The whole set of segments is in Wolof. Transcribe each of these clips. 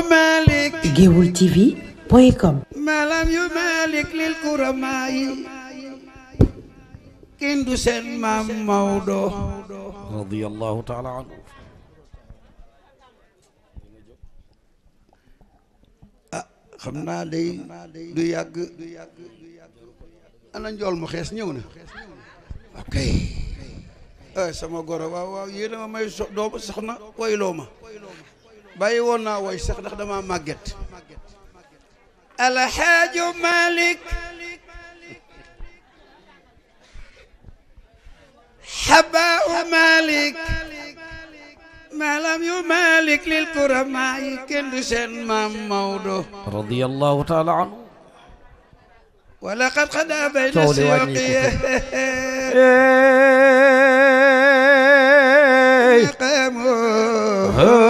مالك géewul TV point com ما لم يمالك للكرماء kenn du seen maam Maodo radiyallahu taala anhu ah xam naa day du yàgg ana njool mu xees ñëw na ok eh, sama goro waaw waaw yéena ma may soxna wayloo ma بايونا ويستخدم ما مجد الحاج مالك حباء مالك ما لم يمالك للكرماء كندس ما موضو رضي الله تعالى عنه ولقد قد أبين سيوقية قاموا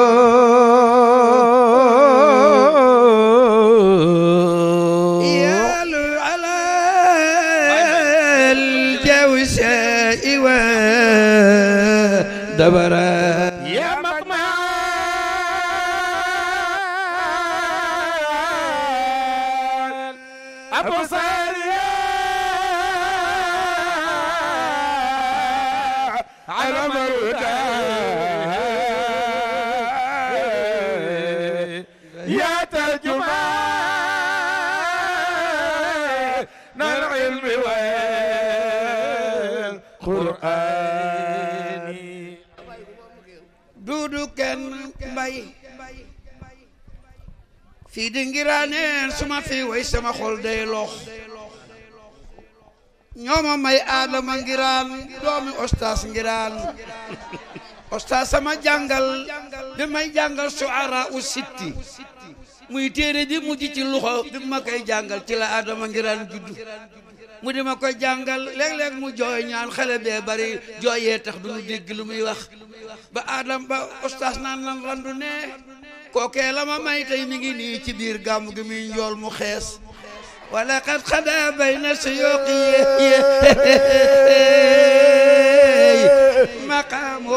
Fi di suma fi way sama xol day lox ñoma may adam ngiraan doomi ostaas ngiraan sama jangal, bi may jangal suara usitti muy téré di mujj ci luxo bi ma koy jàngal ci la adam ngiraan juddu mu ma koy jangal leg leg mu joy ñaan xale be bari joyé tax du dégg lu muy wax ba adam ba ostaas nan lan randu né kookee la ma may tey mi ngi nii ci biir gàmm gi muy njool mu xees wala xat xadaa bay na siyooqi maqaamo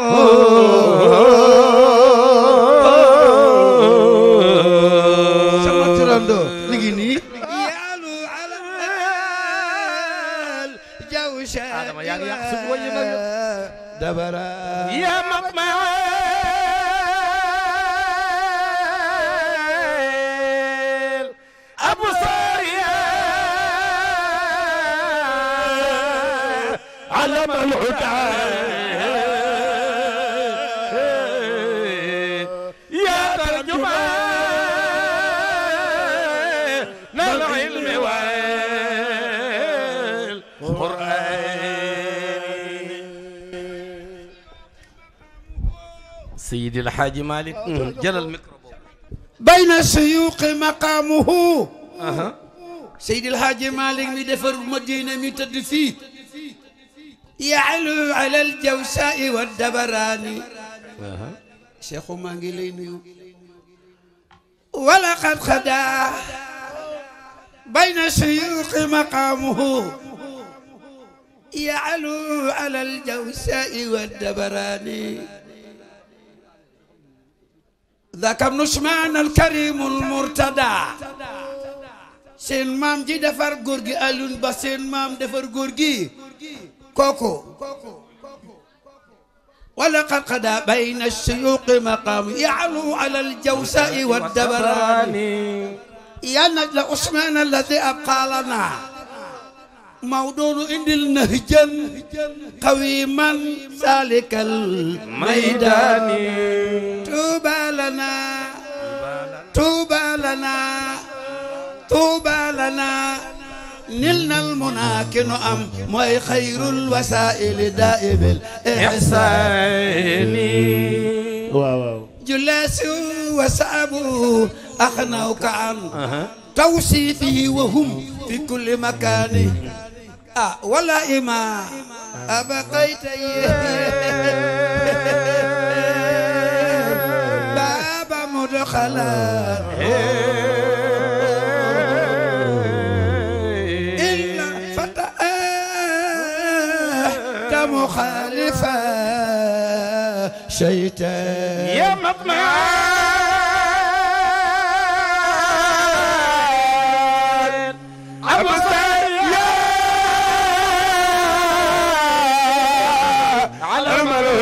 الحاج مالك جل الميكروفون بين السيوق مقامه أه. سيد الحاج مالك مي دفر مدينه مي تد يعلو على الجوساء والدبراني أه. شيخ مانغي ولقد خدا بين السيوق مقامه يعلو على الجوساء والدبراني ذاك ابن عثمان الكريم المرتدى سين مام جي دفر غورغي الون با سين مام دفر غورغي كوكو gi kooku ولقد قدا بين الشيوخ مقام يعلو على الجوساء والدبران يا نجل عثمان الذي أبقى لنا موضوع عند النهجن قويما سالك الميدان توبى لنا توبى لنا توبى لنا نلنا المناكن أم موي خير الوسائل دائب الإحسان واو واو جلاس وسابو أخنوك عن توصيفه وهم في كل مكان ولا إما أبقيت باب مدخلا إلا فتأت مخالفا شيطان يا مطمئن I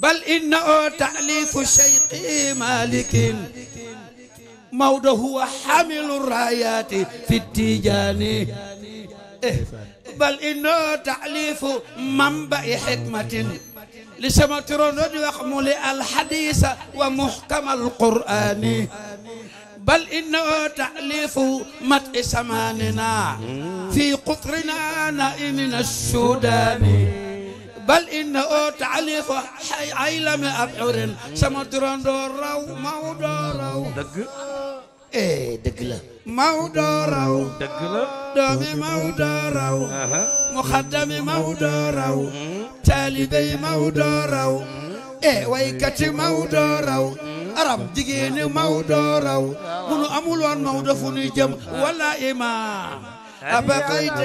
بل إنه تأليف شيخ مالك موضوع هو حامل الرايات في التيجان إيه. بل إنه تأليف منبع حكمة لسما ترون يحمل الحديث ومحكم القرآن بل إنه تأليف مدء سماننا في قطرنا نائمنا السوداني bal inna oo taalifa ay lame ab urin sama turandoo raw Maodo raw dëgg eh dëgg la Maodo raw dëgg la doomi Maodo raw muxaddami Maodo raw taalibey Maodo raw eh waykati Maodo raw arab jigéeni Maodo raw bu nu amul woon Maodo fu nuy jëm wala imaam abaqayta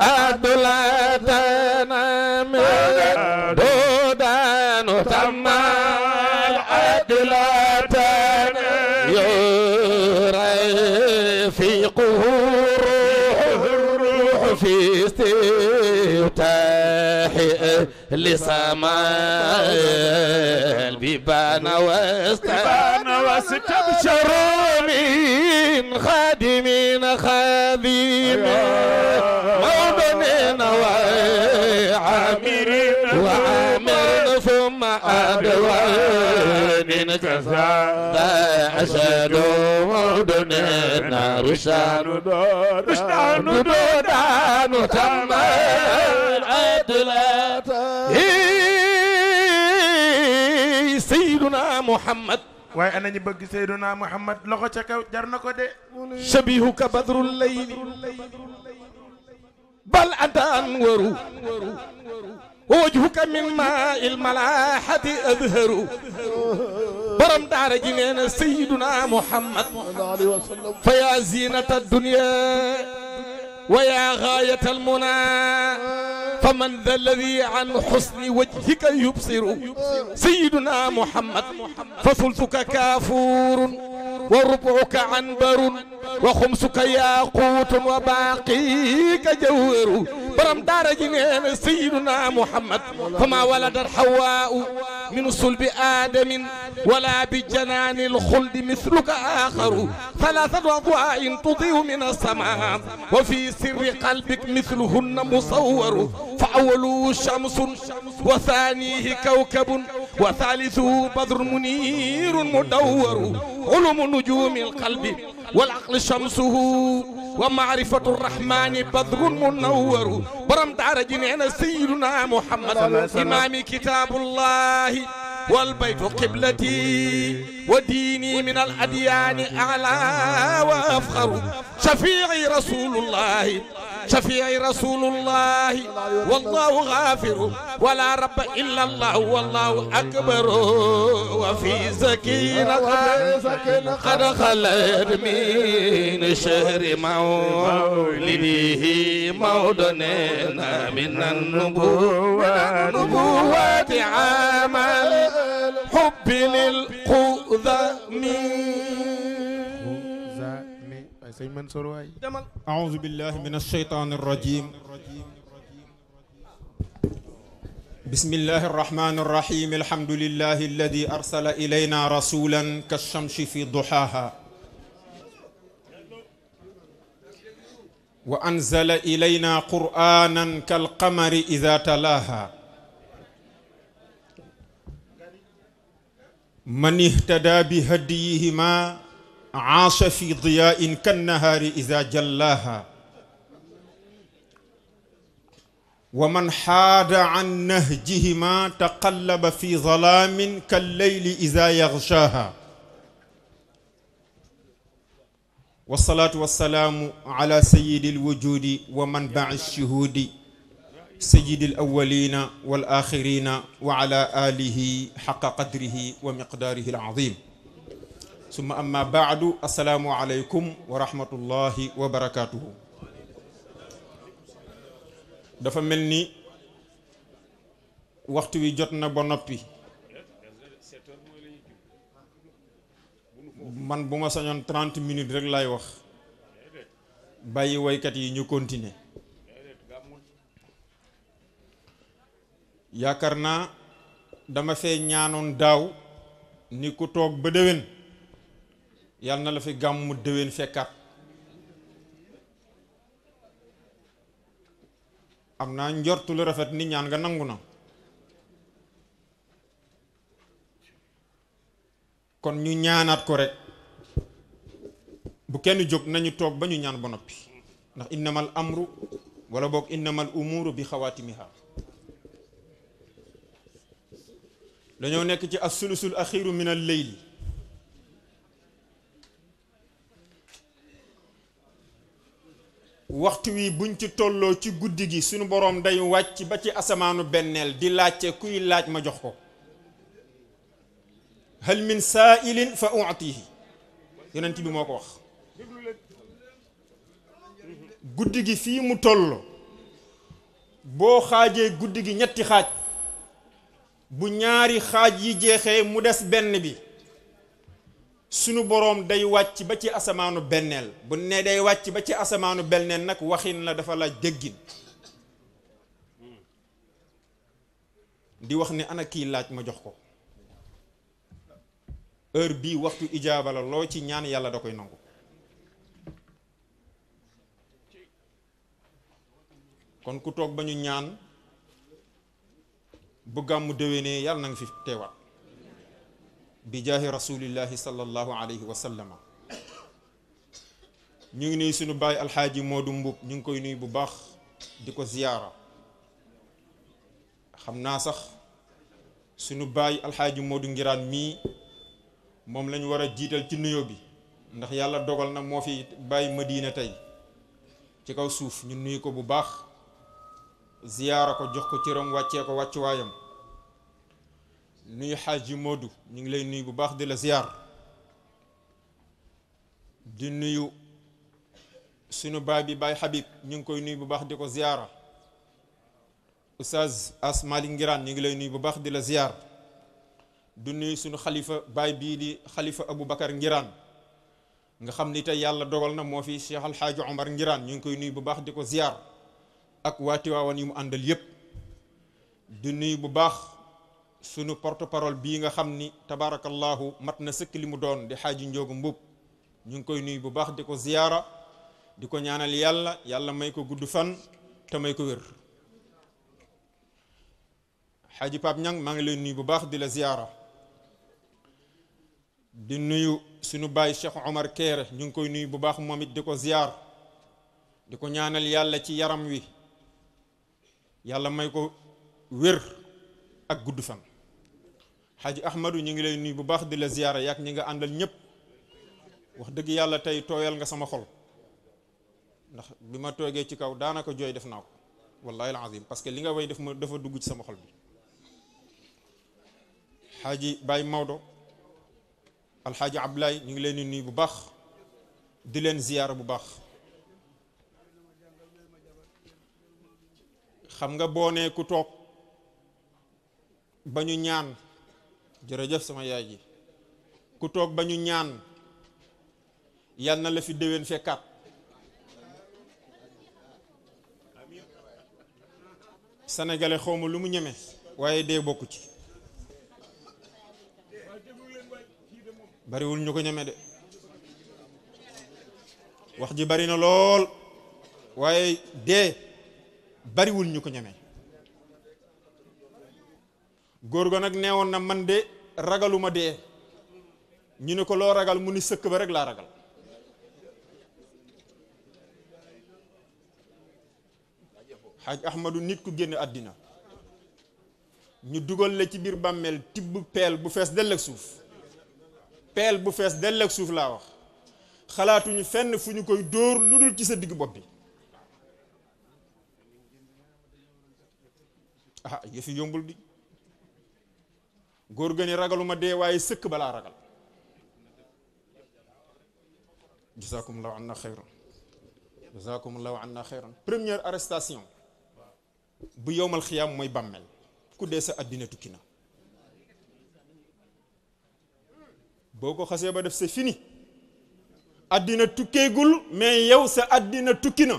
أدلتنا من دودان ثم أدلتنا يرفقه الروح في استفتاح لسماء البيبان واستبشروا من خد المسلمين خادمين موطنين عامر وعامر ثم أدوان كذا أسد وعدن رشان رشان دودان تم العدلات سيدنا محمد waaye ana ñu bëgg Seyduna Muhammad loxo ca kaw jar na ko de shabihuka badrul layli bal anta anwaru wajhuka min ma il malahati adharu borom daara ji nee na Seyduna Muhammad fa yaa zinata dunya wa yaa gaayata almuna فمن ذا الذي عن حسن وجهك يبصر سيدنا محمد فثلثك كافور وربعك عنبر وخمسك ياقوت وباقيك جوهر برم دار جنين سيدنا محمد فما ولد الحواء من صلب آدم ولا بجنان الخلد مثلك آخر ثلاثة أضواء تضيء من السماء وفي سر قلبك مثلهن مصور فأوله شمس وثانيه كوكب وثالثه بدر منير مدور علم نجوم القلب والعقل شمسه ومعرفة الرحمن بدر منور على دارج سيدنا محمد إمام كتاب الله والبيت قبلتي وديني من الأديان أعلى وأفخر شفيعي رسول الله شفيعي رسول الله والله غافر ولا رب إلا الله والله أكبر وفي سكينة قد خلت من شهر مولده مودنا من النبوة نبوة عامة بن القذامي طيب، أعوذ بالله من الشيطان الرجيم بسم الله الرحمن الرحيم الحمد لله الذي أرسل إلينا رسولا كالشمس في ضحاها وأنزل إلينا قرآنا كالقمر إذا تلاها من اهتدى بهديهما عاش في ضياء كالنهار إذا جلاها ومن حاد عن نهجهما تقلب في ظلام كالليل إذا يغشاها والصلاة والسلام على سيد الوجود ومنبع الشهود سيد الأولين والآخرين وعلى آله حق قدره ومقداره العظيم ثم أما بعد السلام عليكم ورحمة الله وبركاته دفا ملني وقت جتنا بنبي من بما سنين 30 minutes رجل لا يوخ باي ويكتي نيو كونتيني yaakaar naa dama fee ñaanoon daaw ni ku toog ba déwén yàlla na la fi gàmmu déwén fekkaat am naa njortu lu rafet ni ñaan nga nangu na kon ñu ñaanaat ko rek bu kenn jóg nañu toog ba ñu ñaan ba noppi ndax innamal amru wala boog innamal umuru bi xawaati xawaatimiha dañoo nekk ci assulusul axiru min al leyl waxtu wi buñ ci tolloo ci guddi gi suñu boroom day wàcc ba ci asamaanu benneel di laajte kuy laaj ma jox ko hal min saailin fa utihi yonent bi moo ko wax guddi gi fii mu toll boo xaajee guddi gi ñetti xaaj bu ñaari xaaj yi jeexee mu des benn bi sunu boroom day wàcc ba ci asamaanu benneel bu ne day wàcc ba ci asamaanu benneel nag waxin la dafa laaj déggin di wax ni ana kii laaj ma jox ko heure bii waxtu ijaaba loo ci ñaan yàlla da koy nangu kon ku toog ba ñu ñaan bu gàmmu déwénee yàlla na nga fi teewaat bi jaahi rasulillahi sallallahu alayhi wa sallama ñu ngi nuyu suñu bàyyi alxaaji Moodu Mbub ñu ngi koy nuyu bu baax di ko ziyaara xam naa sax suñu bàyyi alxaaji Moodu Ngiraan mii moom lañu war a jiital ci nuyoo bi ndax yàlla dogal na moo fi bàyyi Madina tey ci kaw suuf ñu nuyu ko bu baax ziyaara ko jox ko cëram wàccee ko wàccuwaayam nuyu xaaji مودو نيغ ngi نوي بو باخ baax di la ziyaar di nuyu sunu باي حبيب نيغ Habib نوي بو باخ ديكو زيارة استاذ اس مالينغران نيغ Oustaz نوي بو باخ ñu ngi lay nuyu bu baax di la ziyaar du nuyu sunu xalifa baay nga xam ni tey yàlla dogal na moo fi Cheikh Al Omar Ngiraan ñu ngi koy nuyu bu baax di ko ziyaar ak waati waawan yu mu àndal yépp di nuyu bu baax sunu porte parole bii nga xam ni tabaarakallahu mat na sëkk li mu doon di xaaji njoogu mbub ñu ngi koy nuyu bu baax di ko ziyaara di ko ñaanal yàlla yàlla may ko gudd fan te may ko wér xaaji Pape Ñang maa ngi lay nuyu bu baax di la ziyaara di nuyu sunu baay Cheikh Omar Kéré ñu ngi koy nuyu bu baax moom it di ko ziyaar di ko ñaanal yàlla ci yaram wi yàlla may ko wér ak gudd fan xaaji ahmadu ñu ngi lay nuyu bu baax di la ziyaara yaag ñi nga àndal ñëpp wax dëgg yàlla tey tooyal nga sama xol ndax bi ma toogee ci kaw daanaka jooy def naa ko wallahi alazim parce que li nga way def ma dafa dugg ci sama xol bi xaaji Baye Maodo alxaaji Ablaye ñu ngi leen di nuyu bu baax di leen ziyaara bu baax xam nga boo nee ku toog ba ñu ñaan jërëjëf sama yaay ji ku toog ba ñu ñaan yal na la fi déwén fekkaat sénégalais xawma lu mu ñeme waaye dee bokku ci bariwul ñu ko ñeme de wax ji bari na lool waaye dee bariwul ñu ko ñeme góor ga nag neewoon na man de ragaluma dee ñu ne ko loo ragal mu ni sëkk ba rek laa ragal xaaj ahmadu nit ku génn àddina ñu dugal la ci biir bàmmeel tibb peel bu fees dell ak suuf peel bu fees dell ak suuf laa wax xalaatuñu fenn fu ñu koy dóor lu dul ci sa diggu bopp bi ah yëfi yombul di góor ga ni ragaluma dee waaye sëkk balaa ragal jazakumullahu anna xayran jazakumullahu anna xayran première arrestation bu yowmal xiyaam mooy bàmmeel ku dee sa àddina tukki na boo ko xasee ba def c'est fini àddina tukkeegul yow sa àddina tukki na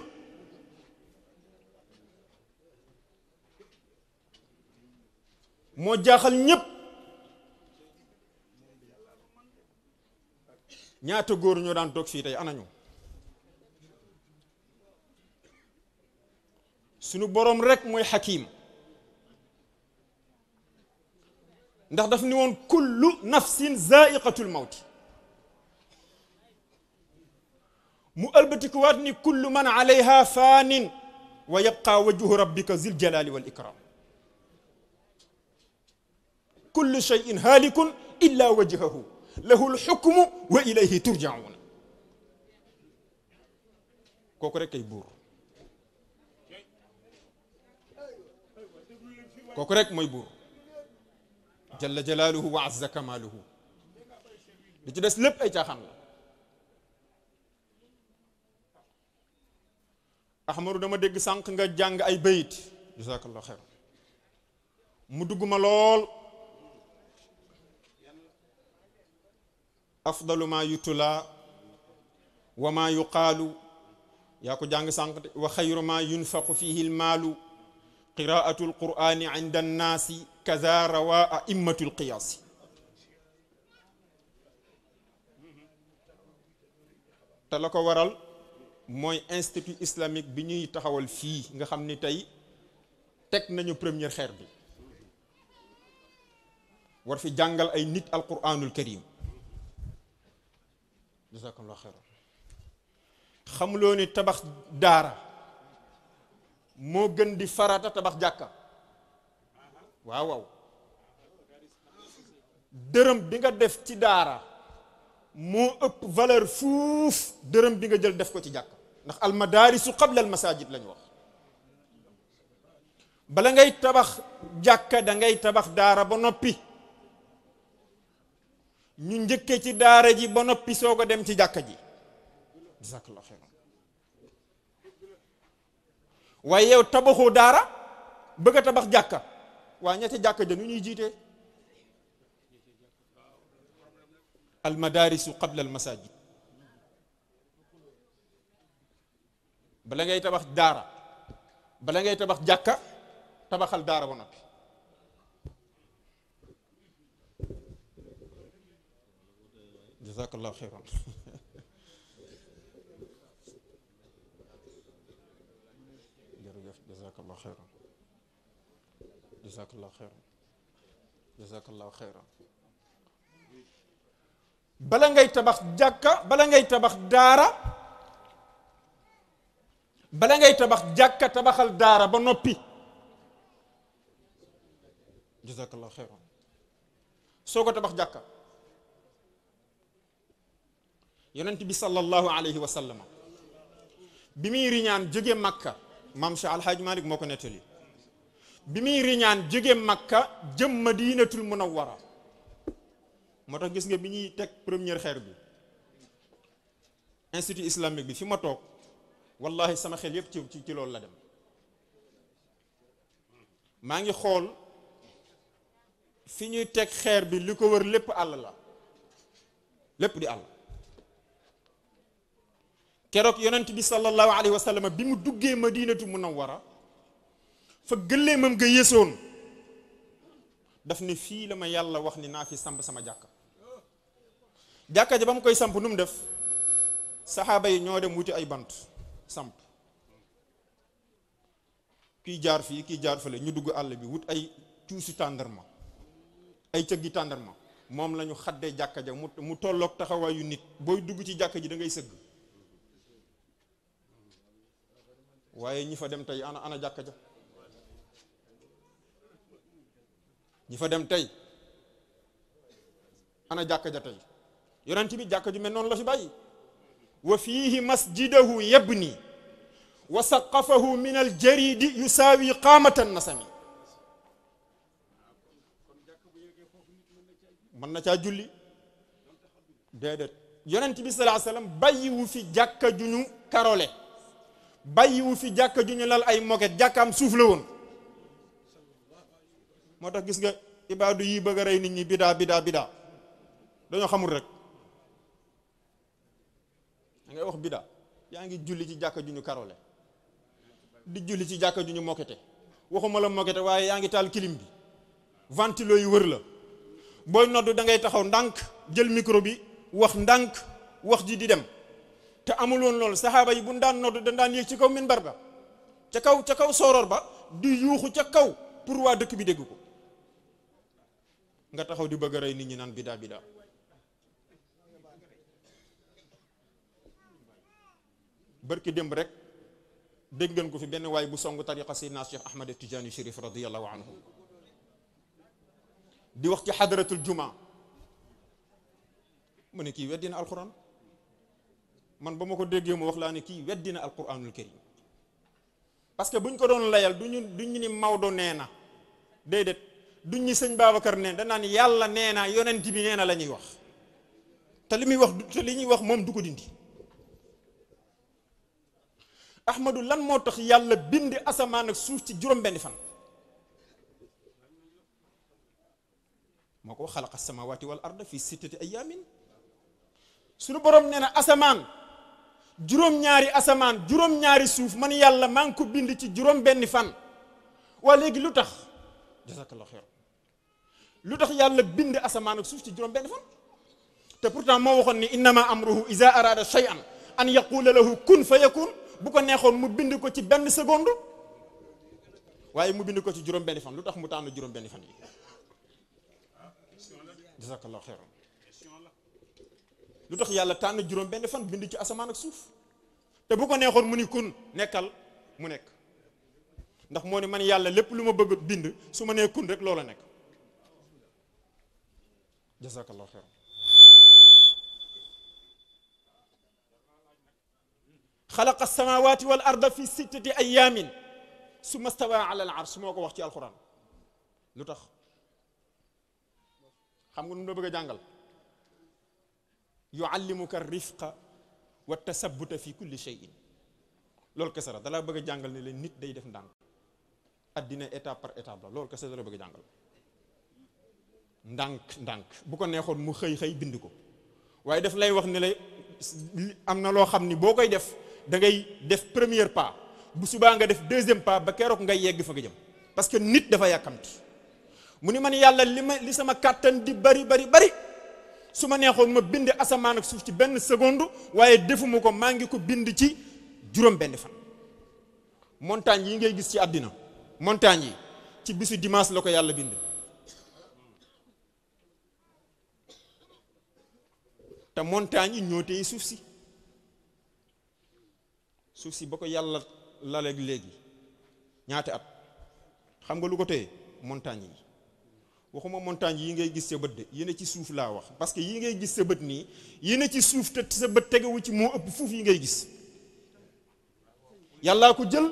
moo jaaxal ñépp ñaata góor ñoo daan toog fii tey anañu suñu borom rek mooy xakiim ndax daf ni woon kullu nafsin zaiqatul mawti mu ëlbatikuwaat ni kullu man alayha faanin wa yabqa wajhu rabbika zil jalali wal ikram kullu shay'in halikun illa wajhahu له الحكم وإليه ترجعون كوكو رك يبور كوكو رك ميبور جل جلاله وعز كماله دي لب اي تاخان احمر دما دغ سانك nga jang ay beyt jazak allah khair mu afdalu ma yutula wa ma yuqaalu yaa ko jàng sànq de wa xayru ma yunfaqu fihi lmaalu qiraatu alqurani inda annaasi kaza rawa aimmatu lqiyaasi te la ko waral mooy institut islamique bi ñuy taxawal fii nga xam ni tey teg nañu première xeer bi war fi jàngal ay nit alquranul karim jazakumullah xayran xamuloo ni tabax daara moo gën di farata tabax jàkka waaw waaw dërëm bi nga def ci daara moo ëpp valeur fuuf dërëm bi nga jël def ko ci jàkka ndax almadaarisu qabla almasajid lañu wax bala ngay tabax jàkka da ngay tabax daara ba noppi ñu njëkke ci daara ji ba noppi soo ko dem ci jàkka ji jazakallahu xeyran waaye yow tabaxoo daara bëgg a tabax jàkka waa ñetti ca jàkka ja nu ñuy jiite al madaarisu qabla al bala ngay tabax daara bala ngay tabax jàkka tabaxal daara ba noppi جزاك الله خيرا jërëjëf jazakallah xeyran jazakallah xeyran jazakallah xeyran bala ngay tabax jàkka bala ngay tabax daara bala ngay tabax jàkka tabaxal daara ba noppi jazakallah xeyran soo ko tabax jàkka yonent bi sallallahu alayhi wa sallam bi muy riñaan jóge makka maam Cheikh Alhaaj Malick moo ko nettali bi muy riñaan jóge makka jëm madinatul munawwara moo tax gis nga bi ñuy teg première xeer bi institut islamique bi fi ma toog wallahi sama xel yépp ci ci loolu la dem maa ngi xool fi ñuy teg xeer bi li ko wër lépp àll la lépp di àll keroog yonent bi sallallahu alayhi wa sallam bi mu duggee ma diinatu madinatu wara fa gëléemam nga yéesoon daf ne fii la ma yàlla wax ni naa fi samp sama jàkka jàkka ja ba mu koy samp nu mu def saxaaba yi ñoo dem wuti ay bant samp kiy jaar fii kiy jaar fale ñu dugg àll bi wut ay cuusi tàndarma ay cëggi tàndarma moom la xadde xaddee jàkka ja mu tolloog taxawaayu nit booy dugg ci jàkka ji da ngay sëgg waaye ñi fa dem tey ana ana jàkka ja ñi fa dem tey ana jàkka ja tey yonent bi jàkka ju mel noonu la fi bàyyi wa fiihi masjidahu yabni wa saqafahu min aljaridi yusaawi qaamatan nasami mën na caa julli déedéet yonent bi salaa sallam bàyyiwu fi jàkka ju ñu karole bàyyiwu fi jàkka ju ñu lal ay moket jàkkaam suuf la woon moo tax gis nga ibaadu yi bëgg a rey nit ñi biddaa bidaa bidaa dañoo xamul rek dangay wax bidaa yaa ngi julli ci jàkka ju ñu karole di julli ci jàkka ju ñu mokete waxuma la mokete waaye yaa ngi taal kilim bi ventilo yi wër la booy noddu dangay taxaw ndànk jël micro bi wax ndànk wax ji di dem te amuloon loolu saxaaba yi bu daan nodd dañ daan yéeg ci kaw minbar ba ca kaw ca kaw sooroor ba di yuuxu ca kaw pour waa dëkk bi dégg ko nga taxaw di bëgg rey nit ñi naan bidaa bidaa bërki démb rek dégg ngeen ko fi benn waay bu song tariqa sayyidina Cheikh Ahmad Tijaani Chérif radiyallahu anhu di wax ci xadaratul juma mu ne kii weddina alquran man ba ma ko déggee mu wax laa ne kii na weddina alquranul karim parce que buñ ko doon layal duñu duñu ni Maodo nee na déedéet duñ ni sëñ Babacar nee danaa ni yàlla nee na yonent bi nee na la ñuy wax te li muy wax te li ñuy wax moom du ko dindi Ahmadu lan moo tax yàlla bind asamaan ak suuf ci juróom-benn fan moo ko xalaqa samawati wal arda fi sittati ayaamin suñu borom nee na asamaan juróom-ñaari asamaan juróom-ñaari suuf man yàlla maa ngi ko bind ci juróom-benni fan waa léegi lu tax jazakallah xeer lu tax yàlla bind asamaan ak suuf ci juróom-benni fan te pourtant moo waxoon ni innama amruhu iza arada shay'an an yaqula lahu kun fa yakun bu ko neexoon mu bind ko ci benn seconde waaye mu bind ko ci juróom-benni fan lu tax mu tànn juróom-benni fan yi jazakallah xeer lu tax yàlla tànn juróom benn fan bind ci asamaan ak suuf te bu ko neexoon mu ni kun nekkal mu nekk ndax moo man yàlla lépp lu bëgg bind su ma kun rek loola nekk jazakallahu xeyran xalaqa samawati wal arda fi sittati ayamin summa stawa ala al arsh moo ko wax ci alquran lu jàngal yuallimuka rifqa wa tasabuta fi kulli cheyin loolu kese la dalaa bëgg a jàngal ne leen nit day def ndànk addina état par étape la loolu kese dala bëgg jàngal ndànk ndànk bu ko neexoon mu xëy xëy bind ko waaye daf lay wax ne lay am na loo xam ni boo koy def da ngay def première pas bu subaa nga def deuxième pas ba keroog ngay yegg fa nga jëm parce que nit dafa yàkkamti mu ni man yàlla li ma li sama kàttan di bari bari bari su ma neexoon ma bind asamaan ak suuf ci benn seconde waaye defuma ko maa ngi ko bind ci juróom benn fan montagne yi ngay gis ci àddina montagne yi ci bisu dimanche la ko yàlla bind te montagne yi ñoo téye suuf si suuf si ba ko yàlla laleeg léegi ñaata at xam nga lu ko téye montagne yi waxuma montagne yi ngay gis sa bët de yi ne ci suuf laa wax parce que yi ngay gis sa bët nii yi ne ci suuf te sa bët tegewu ci moo ëpp fuuf yi ngay gis yàllaa ko jël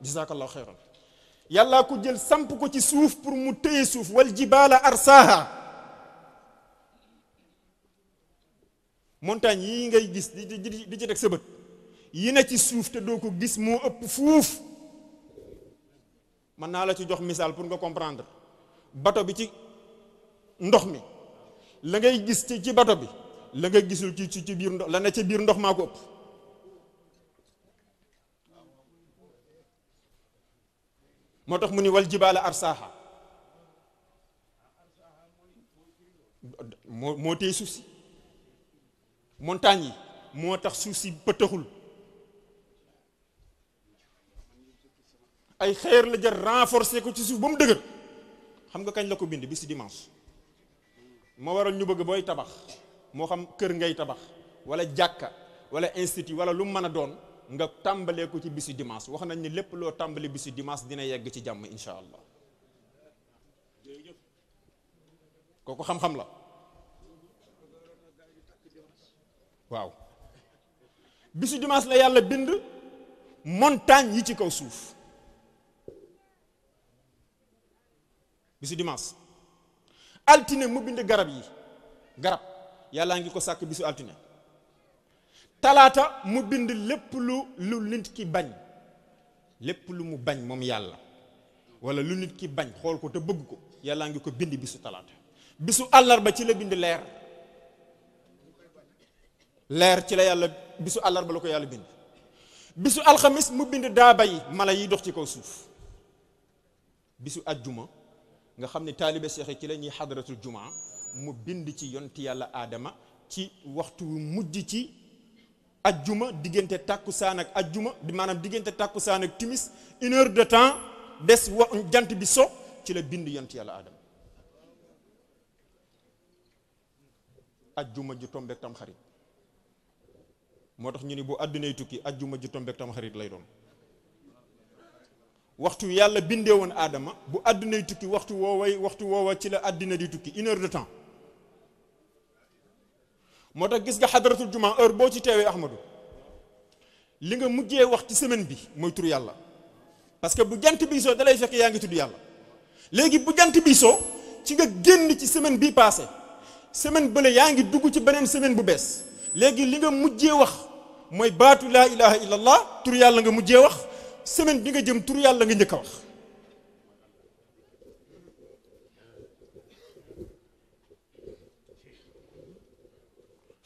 jazakallahu xeyran yàllaa ko jël samp ko ci suuf pour mu téye suuf wal jibaala arsaaha montagne yii ngay gis di di ci teg sa bët yi ne ci suuf te doo ko gis moo ëpp fuuf mën naa la ci jox misaal pour nga comprendre bato bi ci ndox mi la ngay gis ci ci bato bi la nga gisul ci ci biir ndox la ne ci biir ndox maa ko ëpp moo tax mu ni wal jibaala arsaaha moo moo téye suuf si montagne yi moo tax suuf si pëtëxul ay xeer la jël renforcer ko ci suuf ba mu dëgër xam nga kañ la ko bind bi si dimanche moo waral ñu bëgg booy tabax moo xam kër ngay tabax wala jàkka wala institut wala lu mën a doon nga tàmbalee ko ci bisi dimanche wax nañ ni lépp loo tàmbali bisi dimanche dina yegg ci jàmm incha allah kooku xam-xam la waaw bisu dimanche la yàlla bind montagne yi ci kaw suuf bisu dimanche altine mu bind garab yi garab yàllaa ngi ko sàkk bisu altine talaata mu bind lépp lu lu nit ki bañ lépp lu mu bañ moom yàlla wala lu nit ki bañ xool ko te bëgg ko yàllaa ngi ko bind bisu talaata bisu àllarba ci la bind leer leer ci la yàlla bisu àllarba la ko yàlla bind bisu alxamis mu bind daaba yi mala yi dox ci kaw suuf bisu at juma nga xamni talibé cheikh seex yi ci la ñuy xadaratul mu bind ci yonti yàlla adama ci waxtu wu mujj ci aljuma digënté takusan ak aljuma di manam digënté takusan ak timis une heure de temps des jant bi so ci la bind yonti yàlla adama aljuma ju tombe tam xarit motax ñu ni bu àddunay tukki aljuma ju tombe tam xarit lay doon waxtu yàlla bindee woon aadama bu àddunay tukki waxtu wooway waxtu woowa ci la àddina di tukki une heure de temps moo tax gis nga xadaratul juma heure boo ci teewee Ahmadou li nga mujjee wax ci semaine bi mooy tur yàlla parce que bu jant bi soo dalay fekk yaa ngi tudd yàlla léegi bu jant bi soo ci nga génn ci semaine bii passé semaine bële yaa ngi dugg ci beneen semaine bu bees léegi li nga mujjee wax mooy baatu laa ilaha illallah tur yàlla nga mujjee wax semaine bi nga jëm tour yàlla nga ñëk wax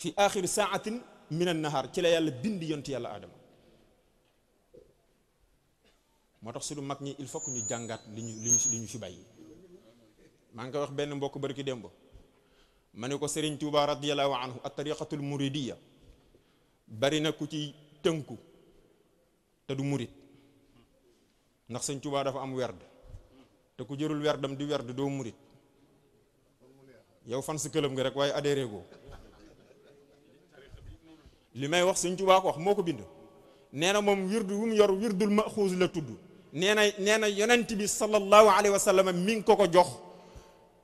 fi akhir saatin min an-nahar ci la yàlla bind yont yàlla adam motax su lu mag ñi il faut ñu jangat li ñu li ñu li fi bàyyi ma nga wax ben mbokk barki dembo maniko Serigne Touba radiyallahu anhu at-tariqatul muridiya bari na ku ci tënku te du murid ndax sëñ Tuubaa dafa am werd te ku jërul werdam di werd doo murit yow fan si këlëm nga rek waaye adhéré goo li may wax sëñ Tuubaa ko wax moo ko bind nee na moom wirdu wu yor wirdul maxuus la tudd nee na nee na yonent bi sallallahu alayhi wa sallam mi ngi ko ko jox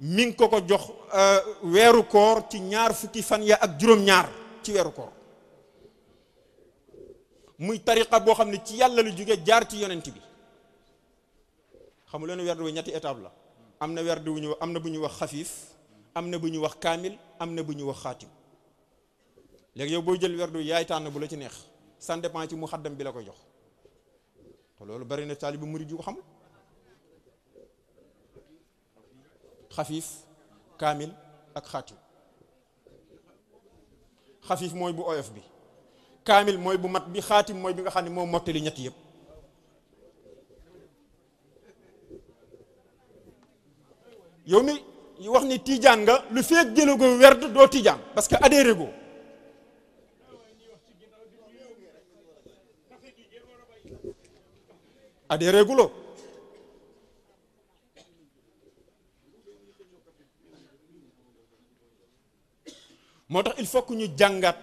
mi ngi ko ko jox euh, weeru koor ci ñaar fukki fan ya ak juróom-ñaar ci weeru koor muy tariqa boo xam ne ci yàlla lu jóge jaar ci yonent bi xamu leen werdu ñetti étape la amna werdu werd wu ñu am na wax khafif amna buñu wax kamil amna buñu wax khatim leg yow boy jël werdu yaay tan bu la ci neex san dépend ci muhaddam bi la ko jox te lolu bari na taalibu murid yu ko xamul khafif kamil ak khatim khafif moy bu oyof bi kaamil mooy bu mat bi khatim moy bi nga xamni mo moo ñet ñett yëpp yomi yi wax ni tidian nga lu feeg go werd do tidian parce que adere go adere go lo motax il faut que ñu jangat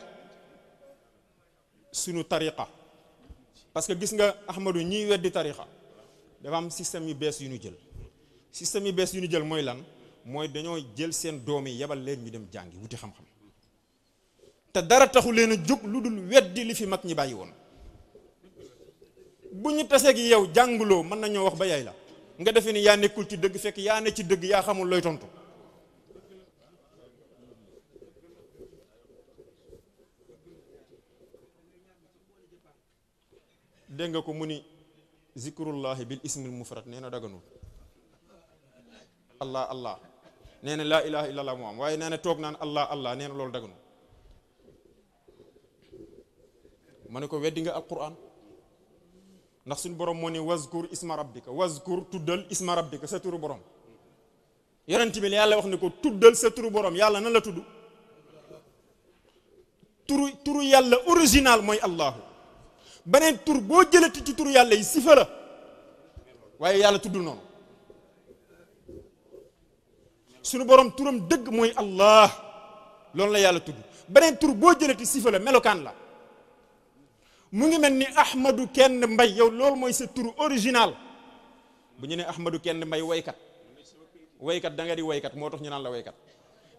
sunu tariqa parce que gis nga ahmadou ñi weddi tariqa dafa am système yu bes yu ñu jël système yi bees yu ñu jël mooy lan mooy dañoo jël seen doom yi yebal leen ñu dem jàngi wuti xam-xam te dara taxu leen a jóg lu dul weddi li fi mag ñi bàyyi woon bu ñu taseeg yow jànguloo mën nañoo wax ba yaay la nga defee ni yaa nekkul ci dëgg fekk yaa ne ci dëgg yaa xamul looy tontu dégg nga ko mu ni zikrullahi bil ismil mufrad nee na daganul allah allah nee na laa ilaha illallah mu am waaye nee na toog naan allah allah nee na loolu daganu ma ne ko weddi nga alquran ndax suñu borom moo ne wazkur isma rabbika wazkur tuddal isma rabbika sa turu borom yonent bi yàlla wax ne ko tuddal sa turu borom yàlla nan la tudd turu turu yàlla original mooy allahu beneen tur boo jëlati ci turu yàlla yi sifa la waaye yàlla tudd noonu suñu borom turam dëgg mooy allah loolu la yàlla tudd beneen tur boo jëlati sifa la melokaan la mu ngi mel ni ahmadu kenn mbay yow loolu mooy sa tur original bu ñu ne ahmadu kenn mbay waykat waykat da di waykat moo tax ñu naan la waykat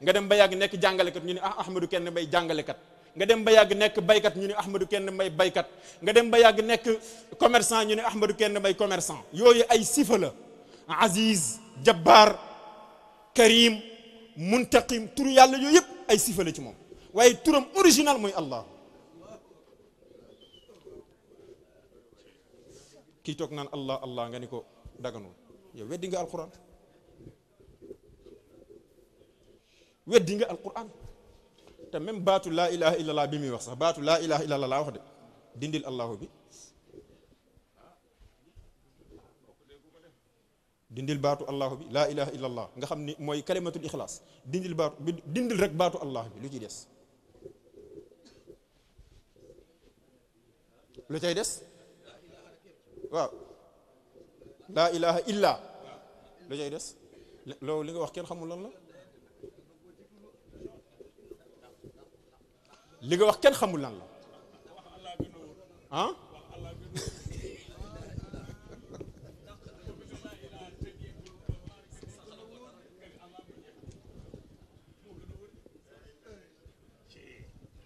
nga dem ba nekk jàngalekat ñu ne ah ahmadu kenn mbay jàngalekat nga dem ba yàgg nekk baykat ñu ne ahmadu kenn mbay baykat nga dem ba yàgg nekk commerçant ñu ne ahmadu kenn mbay commerçant yooyu ay sifa la aziz jabbaar كريم منتقم تور يالا يو ييب اي صفه لا تي موم واي تورم اوريجينال موي الله كي توك نان الله الله غاني كو داغانو يا ويديغا القران ويديغا القران تا ميم باتو لا اله الا الله بيمي واخ صح باتو لا اله الا الله واخ دي دندل الله بي dindil baatu allah bi la ilaha illa allah nga xamni moy kalimatul ikhlas dindil baatu dindil rek baatu allah bi lu ci dess lu tay dess wa la ilaha illa lu tay dess loolu li nga wax ken xamul lan la li nga wax ken xamul lan la ah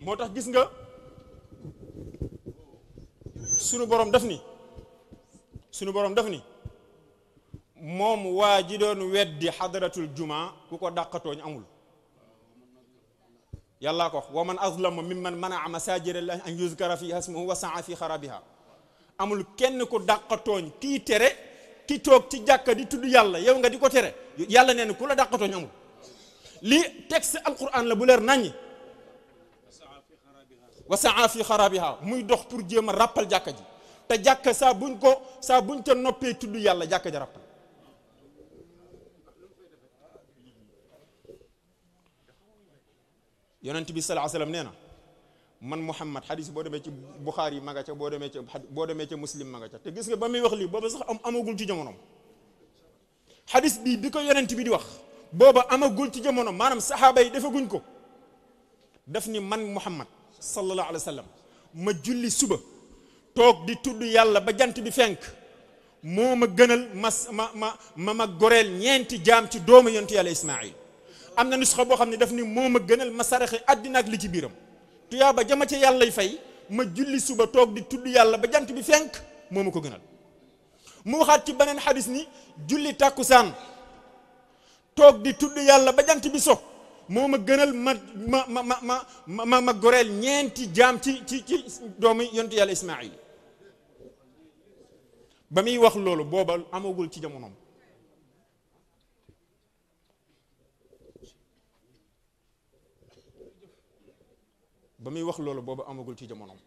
moo tax gis nga sunu borom daf ni sunu borom daf ni moom waa ji doon weddi xadaratul juma ku ko dàqatooñ amul yàllaa ko wa man azlamu mimman manaa masajid allahi an yuzkara fiha ismuhu wa saa fi xarabiha amul kenn ku dàqatooñ kii tere ki toog ci jàkka di tudd yàlla yow nga di ko tere yàlla nee na ku la dàqatooñ amul lii texte alquran la bu leer naññi وسعى في خرابها موي دوخ بور جيما رابال جاكا جي تا جاكا سا بون كو سا بون تا نوبي تودو يالا جاكا جي رابال يونت بي صلى الله عليه وسلم نينا من محمد حديث بو دمي تي بخاري ماغا تي بو دمي تي بو دمي تي مسلم ماغا تي غيس نغي بامي وخ لي بوبا سخ ام اماغول تي جامونوم حديث بي ديكو يونت بي دي وخ بوبا اماغول تي جامونوم مانام صحابه يي دافغون كو دافني من محمد sallallahu alayhi wa sallam ma julli suba toog di tudd yàlla ba jant bi fenk moo ma gënal ma ma ma goreel ñeenti jaam doomu yontu yàlla Ismaayil am na nusxa boo xam ne daf ni moo gënal ma saraxe àddina li ci biiram tuyaa ba ci yàlla yàllay fay ma julli suba toog di tudd yàlla ba jant bi fenk moo ma ko gënal mu waxaat ci beneen xadis ni julli tàkkusaan toog di tudd yàlla ba jant bi so moo ma gënal ma ma ma ma ma ma ma goreel ñeenti jaam ci ci ci doomu yontu yàlla Ismaayil ba muy wax loolu booba amagul ci jamonoom ba muy wax loolu booba amagul ci jamonoom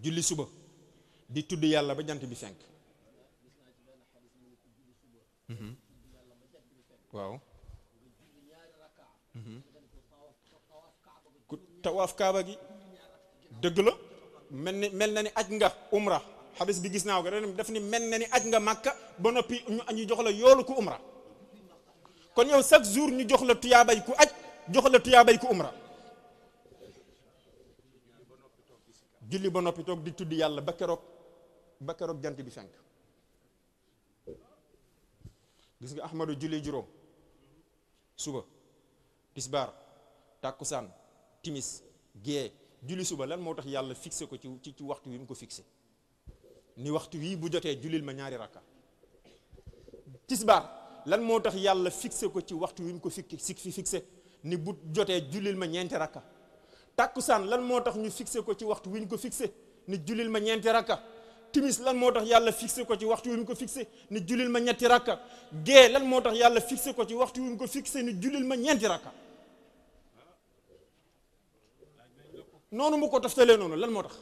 julli suba di tudd yàlla ba jant bi fenk mhm. waaw ku tawaaf kaaba gi dëgg la mel ni mel na ni aj nga umra xadis bi gis naa ko ren daf ni mel na ni aj nga màkka ba noppi ñu jox la yoolu ku umra kon yow chaque jour ñu jox la tuyaabay ku aj jox la tuyaabay ku umra julli ba noppi toog di tudd yàlla ba keroog ba keroog jant bi fenk gis nga Ahmadu julli juróom suba tisbaar tàkkusaan timis gee julli suba lan moo tax yàlla fixé ko ci ci waxtu wi mu ko fixé ni waxtu wii bu jotee jullil ma ñaari rakka tisbaar lan moo tax yàlla fixé ko ci waxtu wi mu ko fi fixé ni bu jotee jullil ma ñeenti rakka tàkkusaan lan moo tax ñu fixé ko ci waxtu wi ko fixé ni jullil ma ñeenti rakka timis lan moo tax yàlla fixé ko ci waxtu wi ko fixé ni jullil ma ñetti rakka gee lan moo tax yàlla fixé ko ci waxtu wi mu ko fixé ni jullil ma ñeenti rakka noonu mu ko toftalee noonu lan moo tax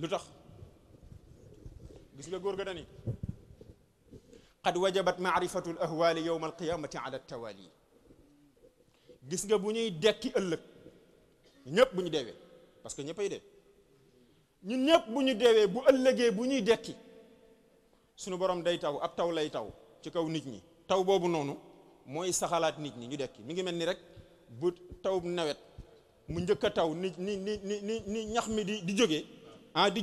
lu tax gis nga góor ga dani qad wajabat maarifatu l ahwaali yowma alqiyamati ala tawaali gis nga bu ñuy dekki ëllëg ñëpp bu ñu deewee parce que ñëppay dee ñun ñëpp bu ñu deewee bu ëllëgee bu ñuy dekki suñu borom day taw ab taw lay taw ci kaw nit ñi taw boobu noonu moy saxalat nit ñi ñu dekk mi ngi melni ni rek bu taw nawet mu a taw ni ni ni ni ni ñax mi di di joggé ah di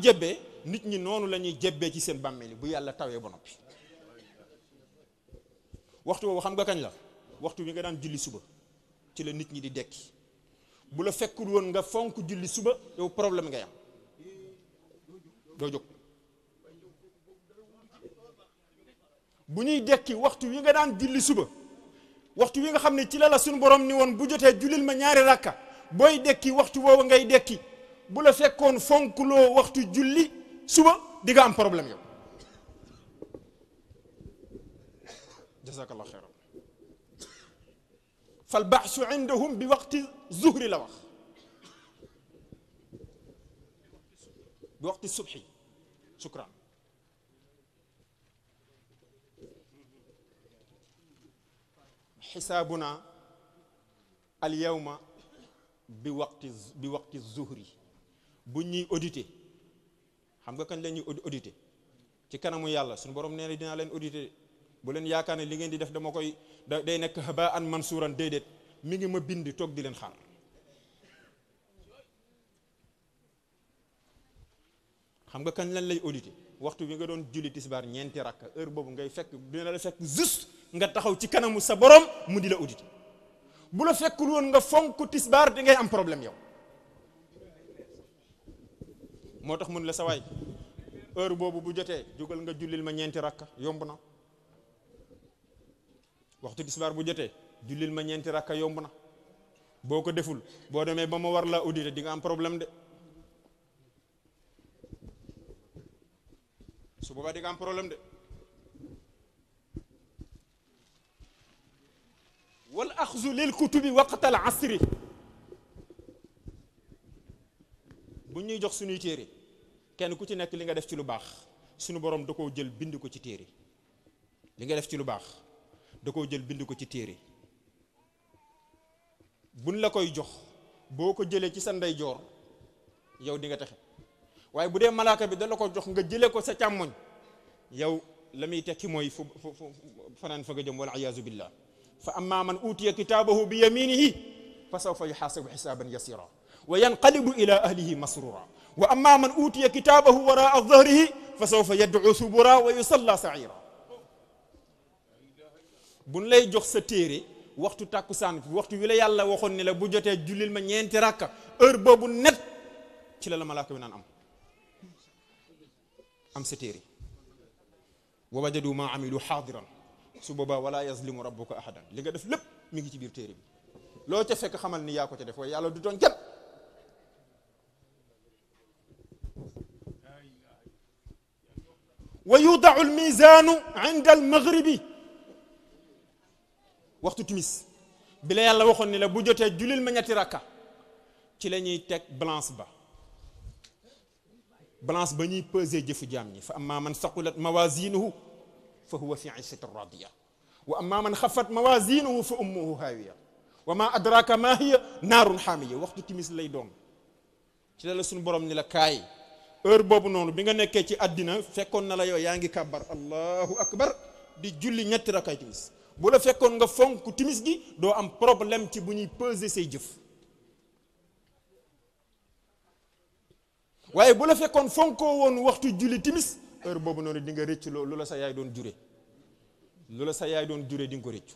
nit ñi nonu la ñuy ci seen bàmmeel bu yalla tawé bo nopi waxtu un xam nga kañ la waxtu nga daan julli suba ci la nit ñi di dekk bu la fekkul woon nga fonk julli suba yow problème nga bu ñuy waxtu nga daan julli suba waxtu wi nga xam ne ci la la suñu borom ni woon bu jotee julil ma ñaari rakka booy dekki waxtu woowu ngay dekki bu la fekkoon fonkuloo waxtu julli suba di nga am problème yow jazakallah xeyran fal baasu indahum bi waxti zuhri la wax bi waxti subhi shukran xisaabuna alyawma bi waqti bi waqti zuhri bu ñuy audité xam nga kañ lañuy ñuy audité ci kanamu yàlla suñ borom nee dinaa leen audité bu leen yaakaar ne li ngeen di def dama koy day nekk ba an mansuuran déedéet mi ngi ma bind toog di leen xaar xam nga kañ lañ lay audité waxtu wi nga doon julli tisbaar ñeenti rakka heure boobu ngay fekk dina la fekk juste nga taxaw ci kanamu sa borom mu di la audité bu la fekkul woon nga fonk tisbaar di ngay am problème yow moo tax mun la sa waay heure boobu bu jotee jógal nga jullil ma ñeenti rakka yomb na waxtu tisbaar bu jotee jullil ma ñeenti rakka yomb na boo ko deful boo demee ba ma war la audité di nga am problème de su boba di nga am problème de wal akhzu lil kutubi waqt al asr bu ñuy jox suñu téré kenn ku ci nekk li nga def ci lu bax suñu borom da ko jël bind ko ci téré li nga def ci lu bax da ko jël bind ko ci téré buñ la koy jox boko jëlé ci sa jor yow di nga taxe waye budé malaka bi dalako jox nga jëlee ko sa càmmoñ yow la muy tekki mooy fu fu fa nga jëm wal a'yazu billah fa amma man utiya kitabahu bi yaminihi fa sawfa yuhasabu hisaban yasira wa yanqalibu ila ahlihi masrura wa amma man utiya kitabahu waraa dhahrihi fa sawfa yad'u subura wa yusalla saira buñ lay jox sa téré waxtu takusan waxtu wi la yàlla waxon ni la bu joté julil ma ñeenti rakka heure bobu net ci la malaka bi nan am am sa téere wa wajadu ma amilu xaadiran su boobaa wala yazlimu rabbuka ahadan li nga def lépp mi ngi ci biir téere bi loo ca fekk xamal ni yaa ko ca def waaye yàlla du doon kat wa yudaau almisaanu inda almaghribi waxtu timis bi la yàlla waxoon ni la bu jotee julil ma ñetti rakka ci la ñuy teg balance ba بلانس بني بزي جف جامني فأما من ثقلت موازينه فهو في عيشة راضية وأما من خفت موازينه فأمه هاوية وما أدراك ما هي نار حامية وقت تمس لي دوم تلا لسن برام نلا كاي أر بوب نونو بيغا نكي تي أدنا فكون نلا يو يانجي كبر الله أكبر دي جولي نتي راكاي تمس بولا فكون نغا فونك تمس دي دو أم بروبلم تي بني بزي سي جفو waaye bu la fekkoon fonkoo woon waxtu julli timis heure boobu noonu di nga rëcc loolu lu la sa yaay doon jure lu la sa yaay doon jure dinga ko rëccu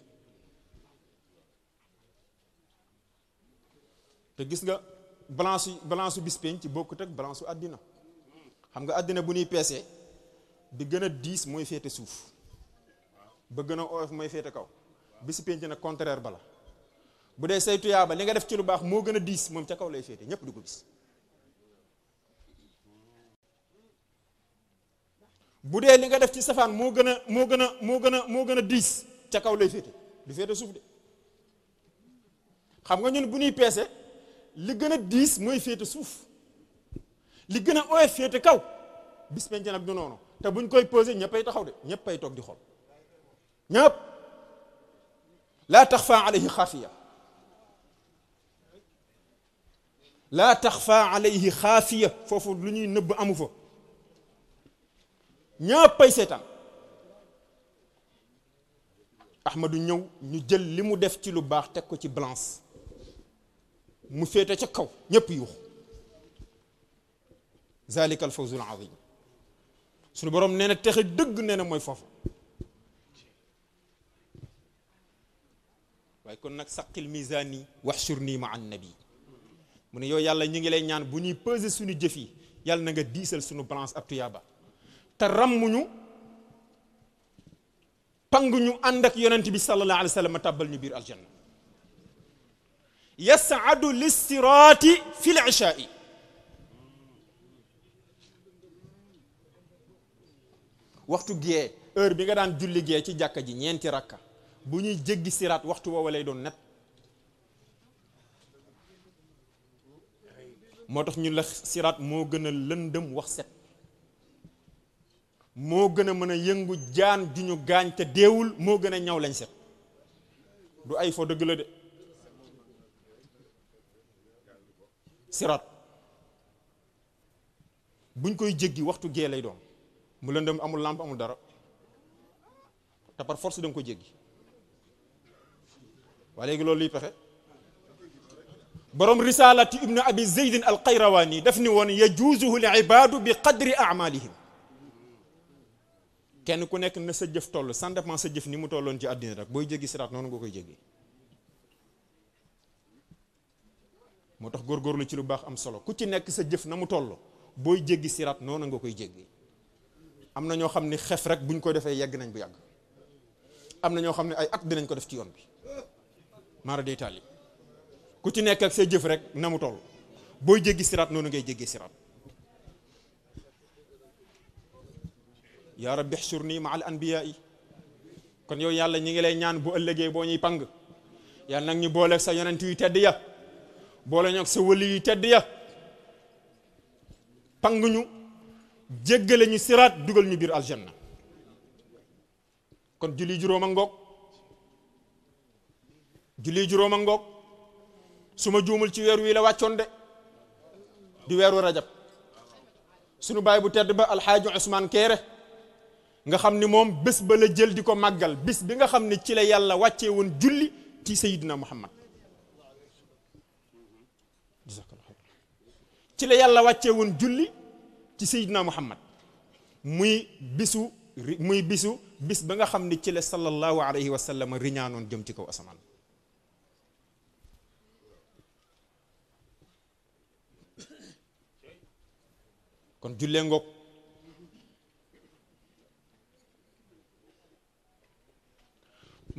te gis nga balance balance bis pénc bokkut ak àddina xam nga àddina bu ñuy peesee bi gën a diis mooy féete suuf ba gën a oyof mooy féete kaw bisi pénc nag contraire la bu dee say tuyaaba li nga def ci lu baax moo gën a diis moom ca kaw lay féete ñëpp du ko gis bu dee li nga def ci safaan moo gën a moo gën a moo gën a moo gën a diis ca kaw lay féete du féete suuf de xam nga ñun bu ñuy peese li gën a diis mooy féete suuf li gën a oyof féete kaw bis penc nag du noonu te buñ koy posé ñëppay taxaw de ñëppay toog di xool ñëpp laa taxfa alayhi xaafiya laa taxfa alayhi xaafiya foofu lu ñuy nëbb amu fa ñëppay seetaan ahmadu ñëw ñu jël li mu def ci lu baax teg ko ci balance mu féete ca kaw ñëpp yuux zalika al fawzul azim suñu borom nee na texe dëgg nee na mooy foofu waaye kon nag saqil misaani waxshur nii ma an nabi mu ne yow yàlla ñu ngi lay ñaan bu ñuy peser suñu jëf yi yàlla na nga diisal suñu balance ab tuyaaba te rammuñu panguñu ànd ak yonent bi sallallahu alayhi wa sallam tàbbal ñu biir aljanna yasaadu listiraati fi lichaai waxtu gee heure bi nga daan julli gee ci jàkka ji ñeenti rakka bu ñuy jéggi siraat waxtu woowa lay doon net moo tax ñu la siraat moo gën a lëndëm wax set moo gën a mën a yëngu jaan ju ñu gaañ te deewul moo gën a ñaw lañ set du ay fo dëgg la de sirat buñ koy jéggi waxtu gee lay doom mu lëndëm amul làmp amul dara te par force da ko jéggi waa léegi loolu liy pexe borom risalati ibnu abi zeydin al qayrawaani def ni woon yajuuzuhu li ibaadu bi qadri amalihim kenn ku nekk na sa jëf toll sans dépend sa jëf ni mu tolloon ci àddina rek booy jéggi siraat noonu nga koy jéggi moo tax góorgóorlu ci lu baax am solo ku ci nekk sa jëf na mu toll booy jéggi siraat noonu nga koy jéggi am na ñoo xam ni xef rek buñ ko defee yegg nañ bu yàgg am na ñoo xam ne ay at dinañ ko def ci yoon bi maara day taali ku ci nekk sa jëf rek na mu toll booy jéggi siraat noonu ngay jéggi siraat yaa rabbi xsurni ma al anbiyaa yi kon yow yàlla ñi ngi lay ñaan boo ëllëgee boo ñuy pang yàlla nag ñu booleeg sa yonent yu tedd ya boole ñoog sa wëli yu tedd ya pang ñu jéggale ñu siraat dugal ñu biir aljanna kon julli juróoma ngoog julli juróoma ngoog su ma juumul ci weer wii la wàccoon de di weeru rajab sunu baay bu tedd ba alxaaji Ousmane Kéré nga xamni mom bés ba la jël diko magal màggal bis bi nga xamni ci la yàlla wacce won julli ci sayyidina muhammad ci la yàlla wacce won julli ci sayyidina muhammad muy bisu muy bisu bis ba nga xamni ci la sallallahu alayhi wa sallam riñanon jëm ci kaw asman kon julle ngok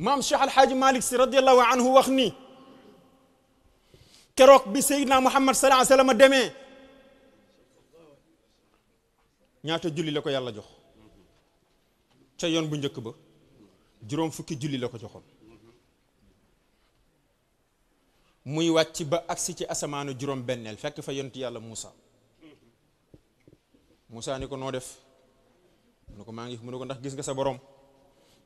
ما مشيح الحاج مالك رضي الله عنه وخني كروك بي سيدنا محمد صلى الله عليه وسلم دمي نياتا جولي لكو يالا جوخ تا يون بو نجهك با جوروم فكي جولي لكو جوخون موي واتي با اكسي تي اسمان جوروم بنل فك فا يونت يالا موسى موسى نيكو نو ديف نوكو ماغي فمو نوكو نداخ غيس نغا سا بوروم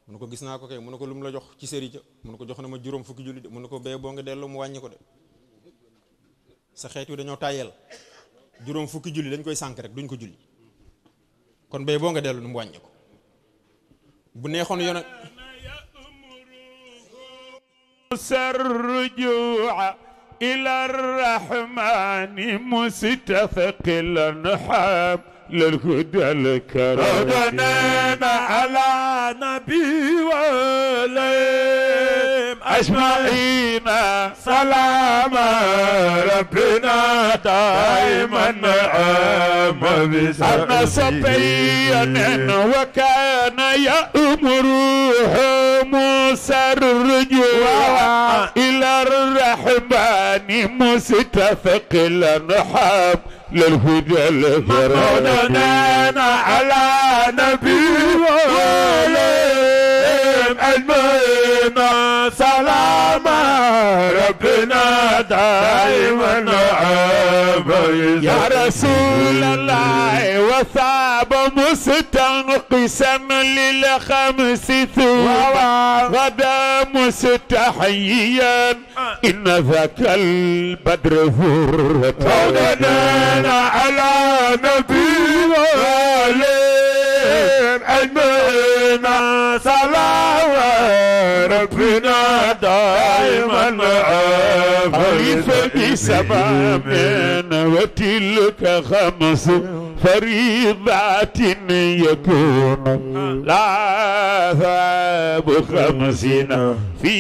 mu ko gis naa ko kay mu ne ko lu la jox ci seri ci mu ko jox na ma juróom fukki julli de mu ne ko bee boo nga delu mu wañi ko de sa xeet wi dañoo tàyyeel juróom fukki julli dañ koy sank rek duñ ko julli kon be bo nga delu mu wañi ko bu neexoon yoon sarjua ila rahmani mustafqilan ham للهدى الكرم ودنينا على نبي وليم أجمعين سلام ربنا دائما نعم بسرعين صبيا وكان يأمرهم الرجوع إلى الرحمن مستثقلا حب للهدى الكرام على نبي وليم المهم سلامة ربنا دائما عبيد يا رسول الله وثاب مستنقسم للخمس ثوبا غدا مستحيا إن ذاك البدر فرت ودنا على نبي وعليم أجمعنا صلاة ربنا دائما عافية بسبب وتلك خمس فريضات يكون لا ثاب خمسين في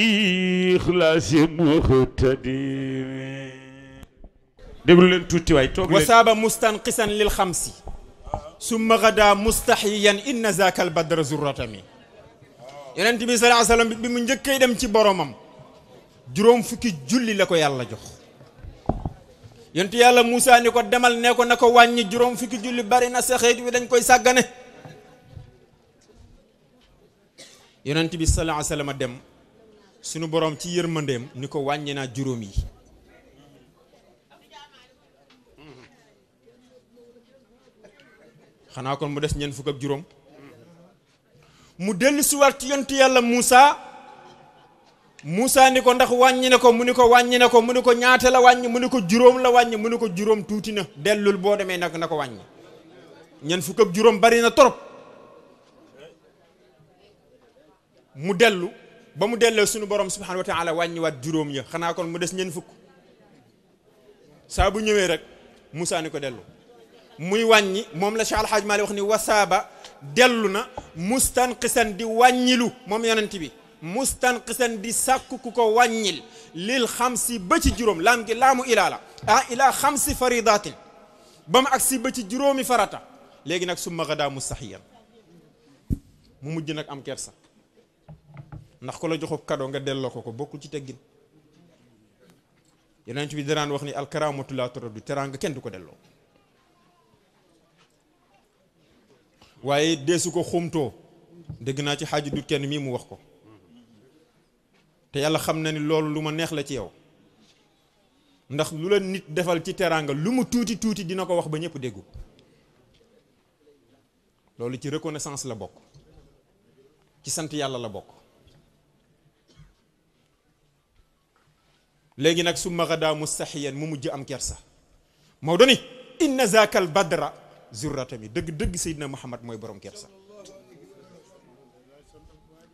إخلاص مختدين وسابا مستنقصا للخمس ثم غدا مستحيا إن ذاك البدر زرتمي يننتبه صلى الله عليه وسلم بمنجك كيدم تبرمم جروم فكي جلي لكو يالله جخ yontu yàlla Moussa ni ko demal ne ko na ko wàññi juróom fukki julli bari na sa xeet wi dañ koy sàggane yonent bi sallallahu alayhi wasallam dem sunu boroom ci yërmandeem ni ko wàññi naa juróom yi xanaa kon mu des ñeent fukk ak juróom mu dellu siwaat ci yontu yàlla Moussa Moussa ni ko ndax wàññi na ko mu ni ko wàññi na ko mu ni ko ñaata la wàññi mu ni ko juróom la wàññi mu ni ko juróom tuuti dellul boo demee nag na ko wàññi ñeent fukk ak juróom bari na torop mu dellu ba mu delloo suñu borom subhanahu wa taala wàññiwaat juróom ya xanaa kon mu des ñeent fukk saa bu ñëwee rek musa ni ko dellu muy wàññi moom la Cheikh Al Hadj Malick wax ni wasaaba dellu na mustanqisan di wàññilu moom yonent bi mustanqisan di sàkku ku ko wàññil lil xamsi ba ci juróom laam gi laamu ilaa la ah ilaa xamsi faridatin ba mu agsi ba ci juróomi farata léegi nag summa gadaa mustaxiyan mu mujj nag am kersa ndax ku la joxub kado nga delloo ko ko bokkul ci teggin yonent bi danaan wax ni alkaraamatu laa turaddu teraanga kenn du ko delloo waaye deesu ko xumtoo dégg naa ci xaaji dut kenn mii mu wax ko te yàlla xam na ni loolu lu ma neex la ci yow ndax lu la nit defal ci teraanga lu mu tuuti tuuti dina ko wax ba ñëpp déggu loolu ci reconnaissance la bokk ci sant yàlla la bokk léegi nag su magadaa mustaxiyan mu mujj am kersa Maodo ni inna zaakal badra zurrata mi dëgg dëgg na Muhammad mooy borom kersa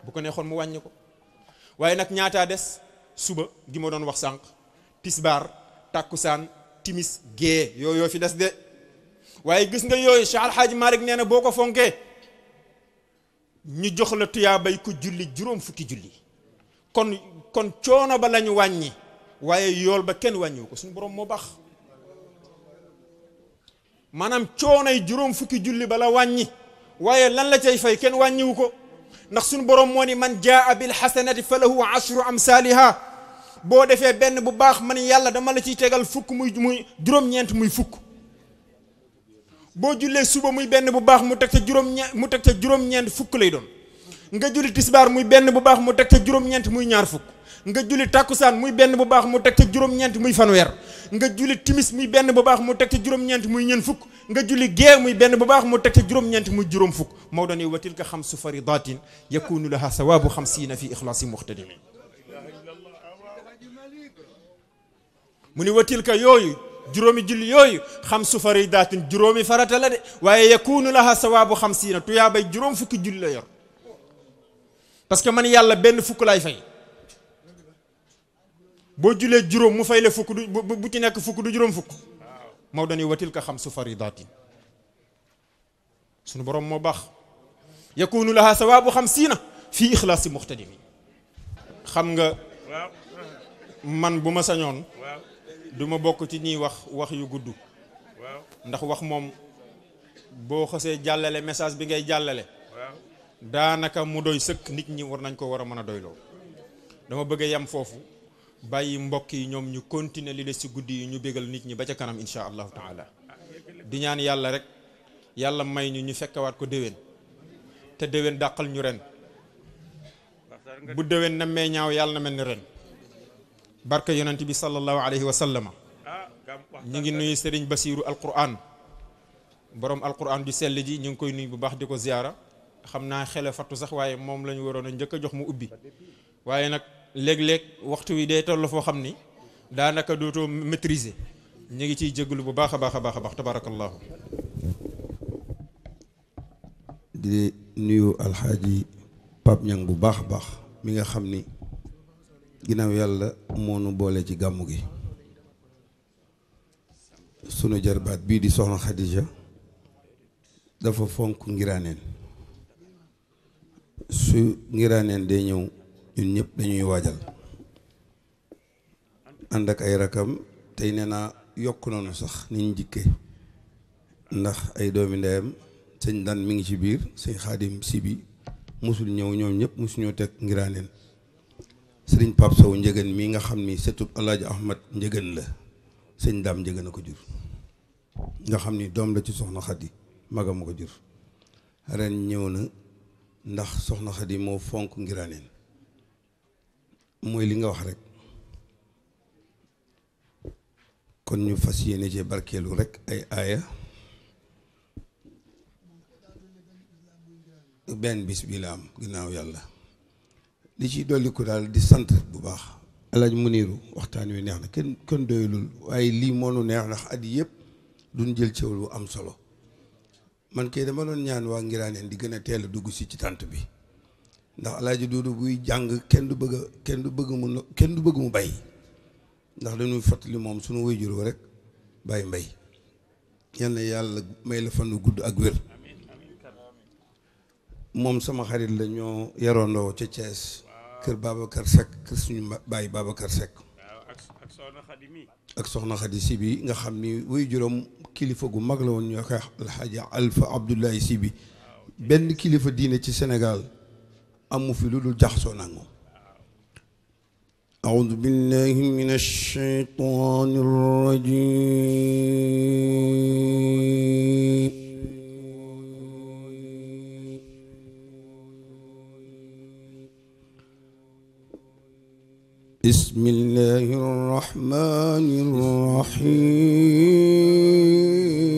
bu ko neexoon mu wàññi ko waaye nag ñaataa des suba gi ma doon wax sànq tisbaar tàkkusaan timis gée yooyu yoo fi des de waaye gis nga yooyu Cheikh Al Hadj nee na boo ko fonkee ñu jox la tuyaabay ku julli juróom fukki julli kon kon coono ba lañu wàññi waaye yool ba kenn wàññiwu ko suñu borom moo baax maanaam yi juróom fukki julli ba la wàññi waaye lan la cay fay kenn wàññiwu ko ndax suñu borom moo ni man jaa bil xasanati fa lahu ashru amsaaliha boo defee benn bu baax man yàlla dama la ciy tegal fukk muy muy juróom-ñeent muy fukk boo jullee suba muy benn bu baax mu teg ca juróom-ñeent mu teg ca juróom-ñeent fukk lay doon nga julli tisbaar muy benn bu baax mu teg ca juróom-ñeent muy ñaar fukk nga julli takusan muy benn bu baax mu tek ci juroom ñent muy wer nga julli timis muy benn bu baax mu tek ci juroom ñent muy ñeent fuk nga julli gee muy benn bu baax mu tek ci juroom ñent muy juróom fuk moo doon wa tilka khamsu faridatin yakunu laha sawabu xamsiina fi ikhlasi muhtadim muni wa tilka yooyu juróomi julli yoy khamsu faridatin juróomi farata la de waye yakunu laha sawaabu tuya bay juróom fuk julli la yor parce que man yàlla benn fuk lay fay boo julee juróom mu fay la du bu ci nekk fukk du juróom fukk maw dañuy watil ka xam su faridaatin sunu borom moo baax yakunu laha sawaabu xam siina fii xam nga man bu ma sañoon du ma bokk ci ñiy wax wax yu gudd ndax wax moom boo xasee jàllale message bi ngay Da daanaka mu doy sëkk nit ñi war nañ ko war dama bëgg yam fofu bàyyi mbokk yi ñoom ñu continuer li des ci guddi yi ñu bégal nit ñi ba ca kanam incha allahu taala di ñaan yàlla rek yàlla may ñu ñu fekkawaat ko déwén te déwén dàqal ñu ren bu déwén na mee ñaaw yàlla na mel na ren barke yonent bi sallallahu alayhi wa sallama ñu ngi nuyu sëriñ Serigne Basiru Alquran borom Alquran ju sell ji ñu ngi koy nuyu bu baax di ko ziyaara xam naa xele fattu sax waaye moom la ñu waroon a njëkk a jox mu ubbi waaye nag. léeg-léeg waxtu wi day toll foo xam ni daanaka dootoo maîtriser ñu ngi ciy jégalu bu baax a baax a baax a baax tabaarakallaahu di nuyu alxaaji Pape Niang bu baax a baax mi nga xam ni ginnaaw yàlla moo boole ci gàmmu gi sunu jarbaat bii di soxna Khadija dafa fonk ngiraaneen su ngiraaneen day ñëw ñun ñëpp dañuy wajal ànd ak ay rakam tay neena yok yokk sax niñ jikke ndax ay doomi ndeyam señ dan mi ngi ci biir señ khadim sibi musul ñew ñoom ñëpp musuñoo tek ngiraneen señ pap saw njëgën mi nga xamni setup setub ahmad njëgën la señ dam njëgën a jur nga xamni ni la ci soxna khadi magam ko jur ren ñëw na ndax soxna khadi mo fonk ngiraneen mooy li nga wax rek kon ñu fas yéene ci barkeelu rek ay aaya benn bis bi la am ginnaaw yàlla li ciy dolliku daal di sant bu baax alaaj Muniiru waxtaan wi neex na kenn kenn doyulul waaye lii moo nu neex ndax at yëpp duñ jël cëwal bu am solo man kay dama doon ñaan waa Ngiraaneen di gën a teel a dugg si ci tànt bi ndax alaaji duudu buy jàng kenn du bëgg a kenn du bëgg kenn du bëgg mu bay ndax dañuy fàttali moom sunu wayjur rek bàyyi mbay yal na yàlla may la fanu gudd ak wér moom sama xarit lañoo ñoo yarondoo ca Thiès kër Babacar Seck kër suñu bàyyi Babacar Seck ak soxna Xadi si nga xam ni wuy juróom kilifa gu mag la woon ñu koy alxaaja Alfa Abdoulaye si benn kilifa diine ci Sénégal amu fi lulul dul jaxasoo nag moom أعوذ بالله من الشيطان الرجيم بسم الله الرحمن الرحيم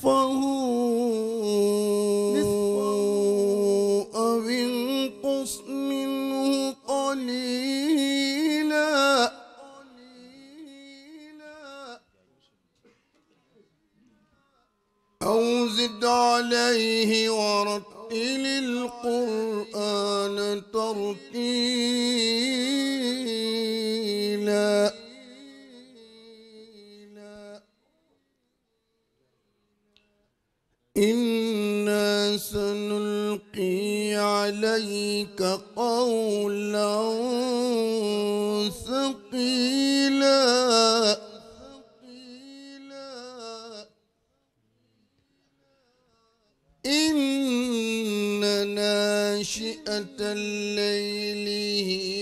نصفه أو انقص منه قليلا أو زد عليه ورتل القرآن ترتيلا سنلقي عليك قولا ثقيلا إن ناشئة الليل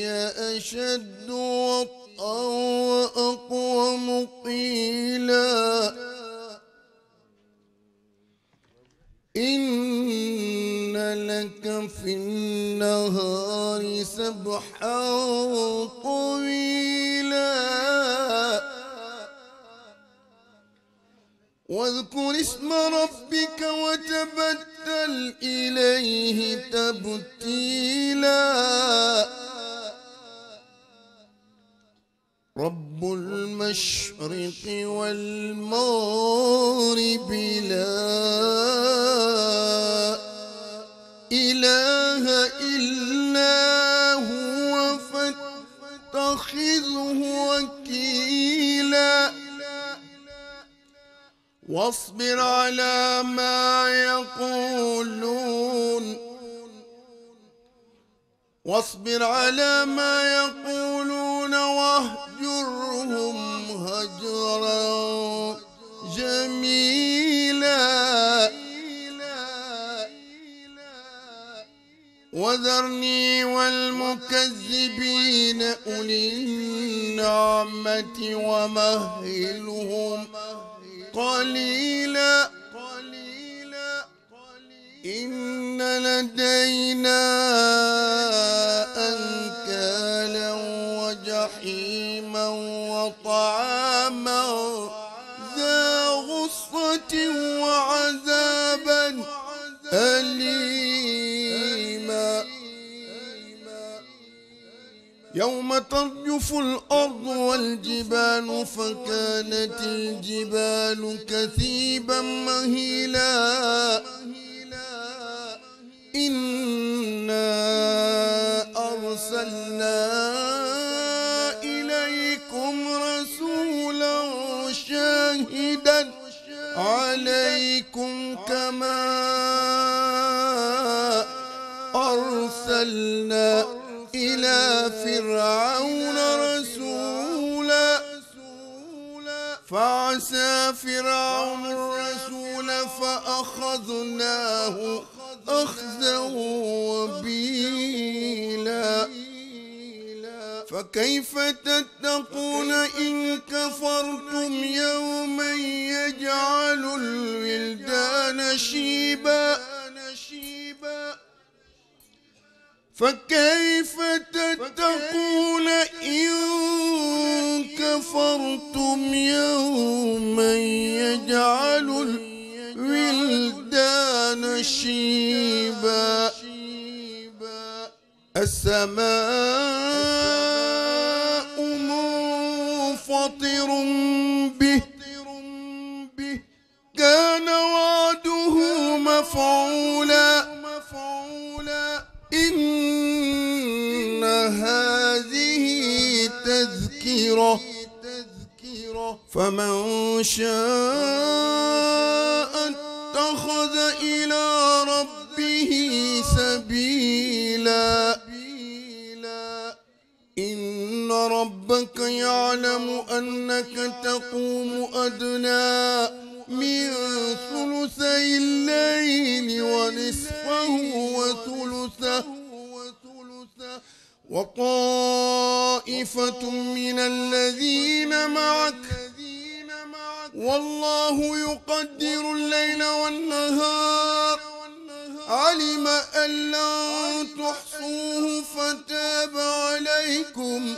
هي أشد وطئا وأقوم قيلا في النهار سبحا طويلا واذكر اسم ربك وتبتل إليه تبتيلا رب المشرق والمغرب لا إله إلا هو فاتخذه وكيلا واصبر على ما يقولون واصبر على ما يقولون واهجرهم هجرا جميلا وذرني والمكذبين أولي النعمة ومهلهم قليلا إن لدينا أنكالا وجحيما وطعاما ذا غصة وعذابا أليما يوم ترجف الأرض والجبال فكانت الجبال كثيبا مهيلا إنا أرسلنا إليكم رسولا شاهدا عليكم كما أرسلنا فرعون الرسول فأخذناه أخذا وبيلا فكيف تتقون إن كفرتم يوما يجعل الولدان شيباً فكيف تتقون إن كفرتم يوما يجعل الولدان شيبا السماء منفطر به كان وعده مفعولا تذكيرا فمن شاء اتخذ إلى ربه سبيلا إن ربك يعلم أنك تقوم أدنى من ثلثي الليل ونصفه وثلثه وطائفة من الذين معك والله يقدر الليل والنهار علم أن لن تحصوه فتاب عليكم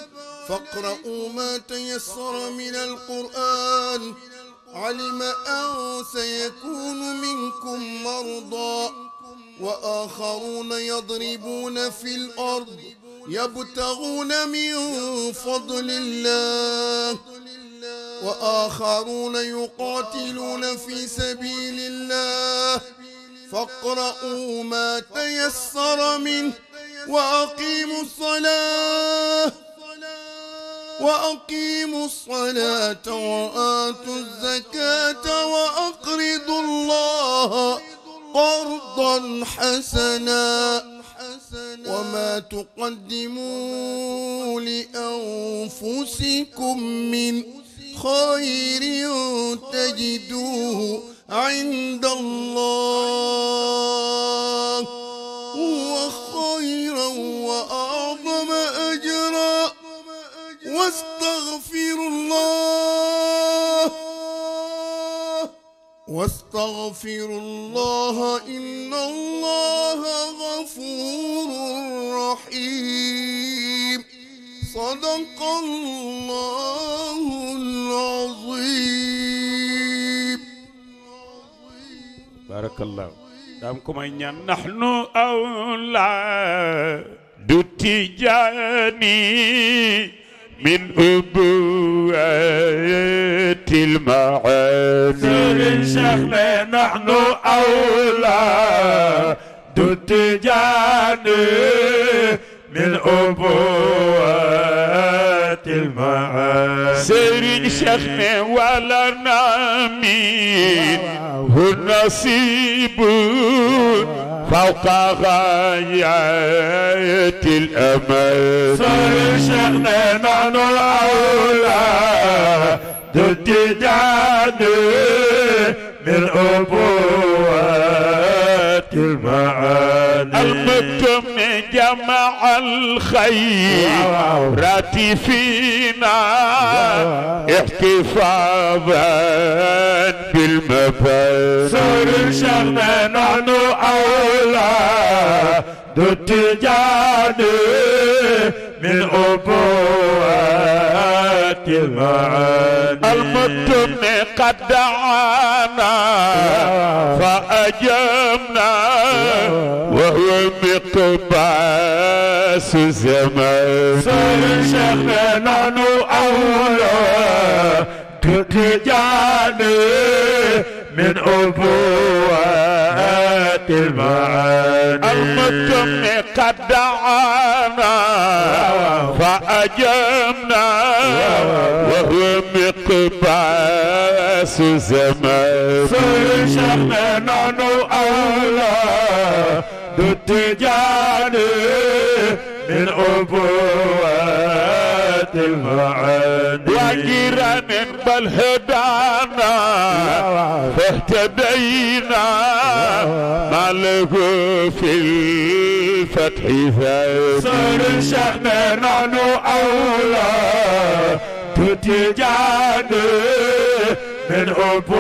فاقرؤوا ما تيسر من القرآن علم أن سيكون منكم مرضى وآخرون يضربون في الأرض يبتغون من فضل الله وآخرون يقاتلون في سبيل الله فاقرؤوا ما تيسر منه وأقيموا الصلاة وأقيموا الصلاة وآتوا الزكاة وأقرضوا الله قرضا حسنا وما تقدموا لأنفسكم من خير تجدوه عند الله هو خيرا وأعظم أجرا واستغفروا الله واستغفروا الله إن الله غفور رحيم صدق الله العظيم بارك الله دامكم أين نحن أولاد التجاني من أبوات المعاني سر نحن اولى عبد جاني من أبوات المعاني سيرين شيخنا ولا نامين هو النصيب فوق غاية الأمل سيرين شيخنا نحن الأولى ضد جاني من أبوات المعاني المت من جمع الخيرات فينا احتفاظا بالمبادئ سر شرنا نحن اولى دو التجاني من أبوات المعاني المتم قد دعانا فأجبنا وهو مقباس الزمان صار شيخنا أولا تتجاني من أبوات المعاني المتم قد دعانا فأجبنا وهو مقباس زمان سيشمنا نو أولا دتجاني من أبوه المعادي وقيرا بل هدانا فاهتدينا مالك في الفتح فاز صار شأننا نؤولى تتجانب من عبوات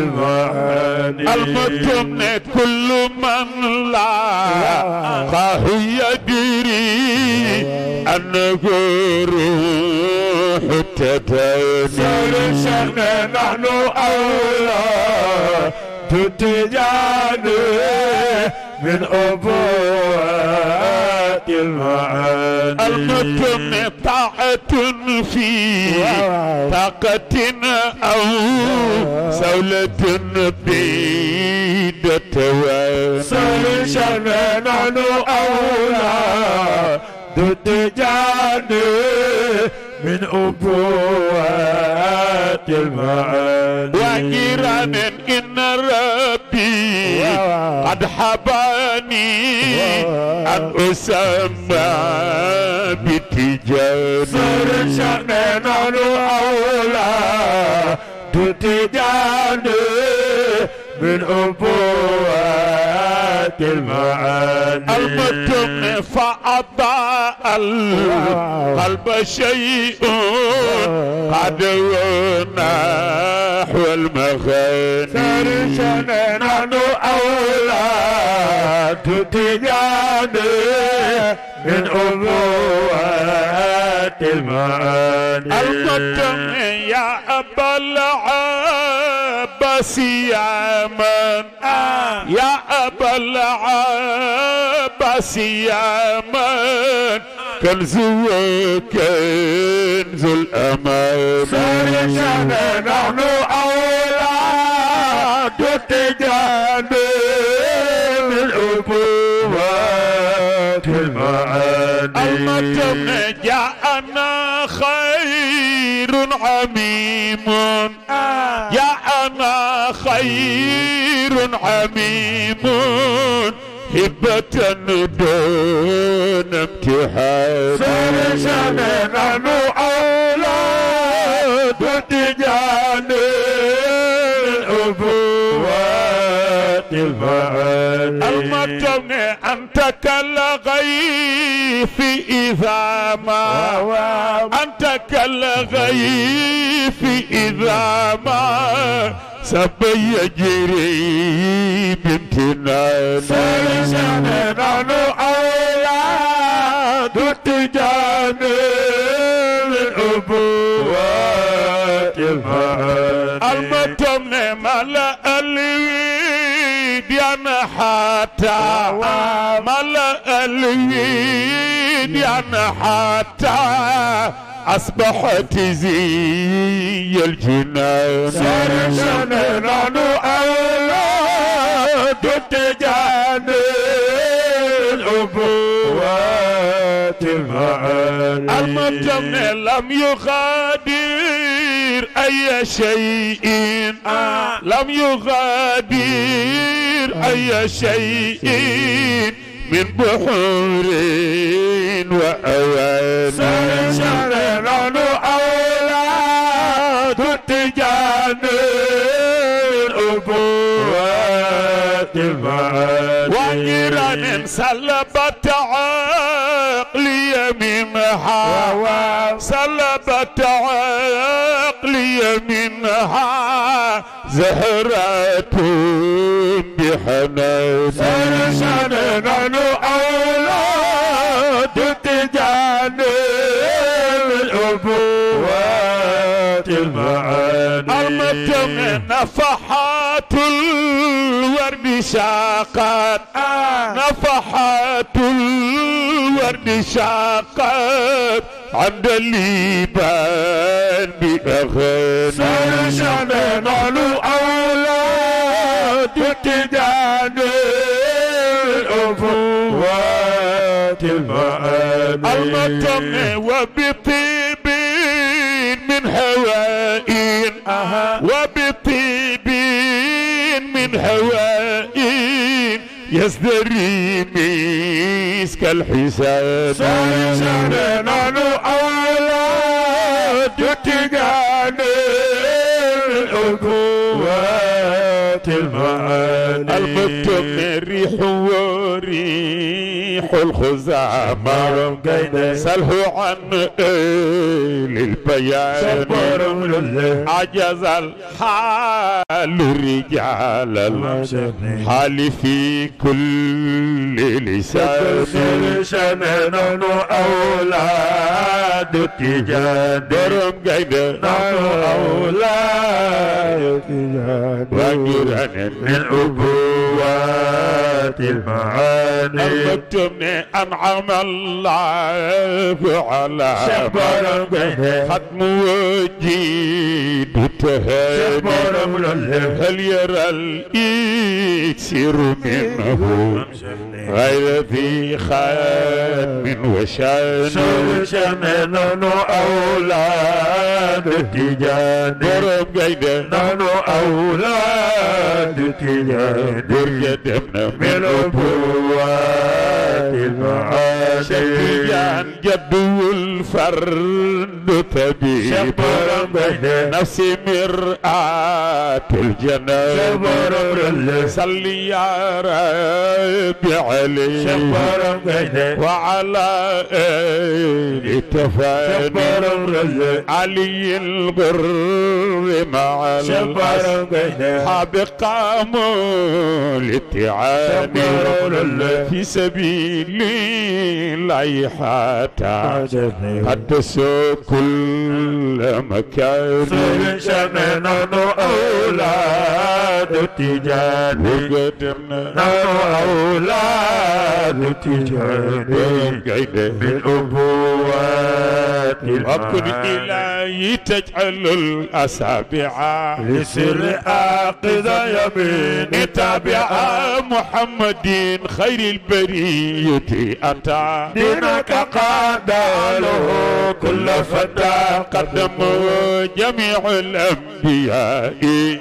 المعاني المتم كل من لا فهي يدري أن روح التدين سرشنا نحن أولاد تتجاني من أبوات المعاني المتمتعة في طاقة أو سولة بعيدة سرشنا نحن أولى ضد من أبوات المعاني وجيران إن رب قد حباني أن أسمى بتجاني سرشان نانو أولى تتجاني من أبوات المعاني المتم فأضاء القلب شيء قد نحو غني نحن أولاد تجاني من أبوات المعاني القدم يا أبا العباس يا من يا أبا العباس يا من كنز وكنز الأمان سرشنا نحن أول واقتدام الأبوات المعاني المتم جاءنا خير عميم جاءنا خير عميم هبة دون امتحان سرسنا نحن تجاني الفعل المتن أنت كالغيث إذا ما أنت كالغيث إذا ما سب يجري بامتنان سلسان نحن أولاد تجانب الأبوات الفعل المتن ملأ اليمين حتى ملأ اليد يعني حتى أصبحت زي الجنان سرشن نانو أولاد تجاني العبور المعالي المنجم لم يغادر أي شيء آه. لم يغادر أي آه. شيء من بحور وأواني سنشغل أولاد التجانب نبوات المعاد وإيران سلبت عقلي منها سلبت عقلي منها زهرة بحنان سرشان نحن أولاد المعاني أرمت من نفحات الورد شاقت آه. نفحات الورد شاقت عند الليبان بأغاني سنشمل نعلو أولاد الأفوات المعاني أرمت المتم وبطيب هوائين وبطيبين من هوائين يزدري مسك الحساب سنزل نانو أولا الأقوات المعاني القط من ريحه ريح الخزامة سله عن إيل البيان عجز الحال رجال الحال في كل لسان أولاد تجاد درم قيد أولاد تجاد وجرن من عبوات المعاد العاني المتم أنعم الله على شبر ختم وجيد تهاني هل يرى الإكسير منه غير ذي خاتم وشان شمن أولاد التجاني برم قيد نانو أولادتي درية دمنا من أبوات المعالي جان جدو الفرد طبيب شبر نفسي مرآة الجنة شبر صلي يا ربي علي شبر وعلى آل تفاني علي الغر مع الحسن حاب بقام للتعاني في سبيل الله حتى كل مكان سبشنا نحن أولاد تجاني وقدرنا نحن أولاد تجاني أبو العقد إلهي تجعل الأسابيع لسر آقذ يمين تابع محمد خير البرية أتى دينك قادله كل فتى قدمه جميع الأنبياء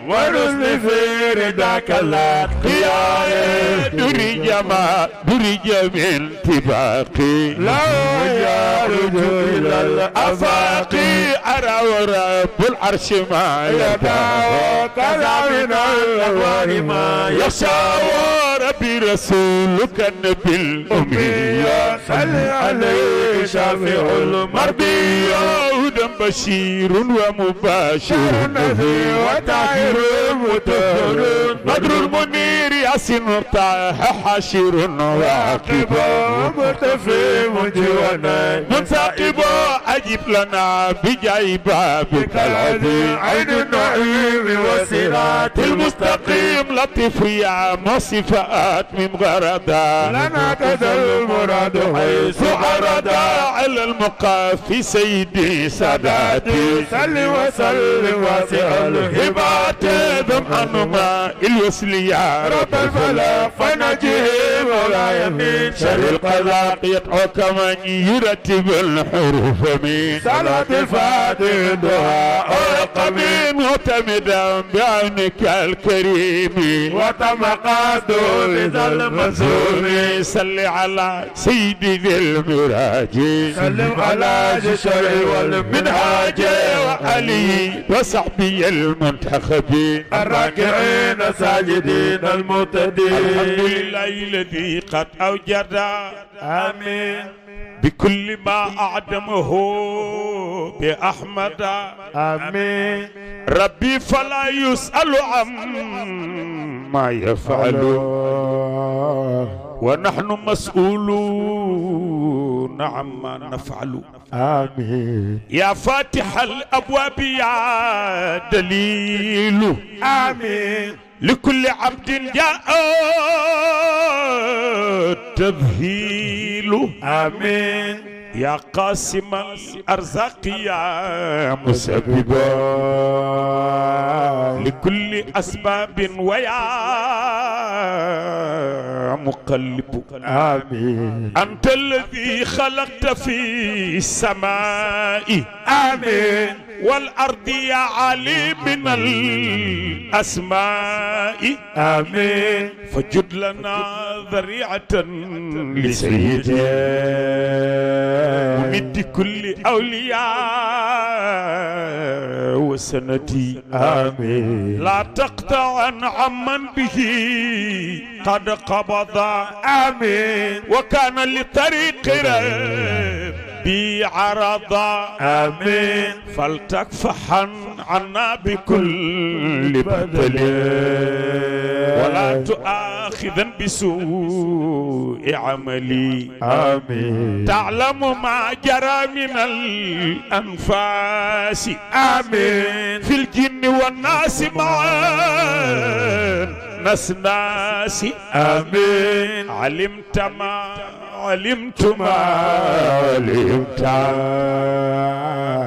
ورسل في رداك الأتقياء دري جماع دري من تباقي لا يا إلى الله الافاقي ارى رب العرش ما يدعو وكذا من الارواح ما يشاء ربي رسولك النبي الامي خلي عليه شافع المربي أيضا بشير ومباشر نذير وتعير مدهر بدر المنير ياسين طه حاشر واقب مرتفي مجوانا منساقب أجب لنا بجايبة بابك العظيم عين النعيم وصراط المستقيم لطيف يا مصفات من غردا لنا كذا المراد حيث عردا على المقاف سيدي سعد ساداتي صل وسلم واسع الهبات ذم انما الوسلي يا رب الفلا فنجه ولا يمين شر القضاء يدعو كمن يرتب الحروف من صلاة الفاتح دعاء القميم معتمدا بعينك الكريم وتمقاد لذا المنصور صل على سيدي ذي المراج سلم على جسر والمين من هاجر علي وصحبي المنتخبين الراكعين ساجدين المرتدين الحمد لله الذي قد أوجد آمين بكل ما أعدمه بأحمد آمين ربي فلا يسأل عما يفعل ونحن مسؤولون عما نفعل آمين يا فاتح الأبواب يا دليل آمين لكل عبد جاء التبهير جميل آمين يا قاسم الأرزاق يا مسببا لكل أسباب ويا مقلب آمين أنت الذي خلقت في السماء آمين والأرض يا علي من الأسماء آمين فجد لنا ذريعة لسيدي ومد كل أولياء وسنتي آمين لا عن عمن به قد قبض آمين وكان لطريق رب بي عرضا آمين فلتكفحن عنا بكل بدل ولا تؤاخذا بسوء عملي آمين تعلم ما جرى من الأنفاس آمين في الجن والناس معا نسناس آمين علمت ما علمت ما علمت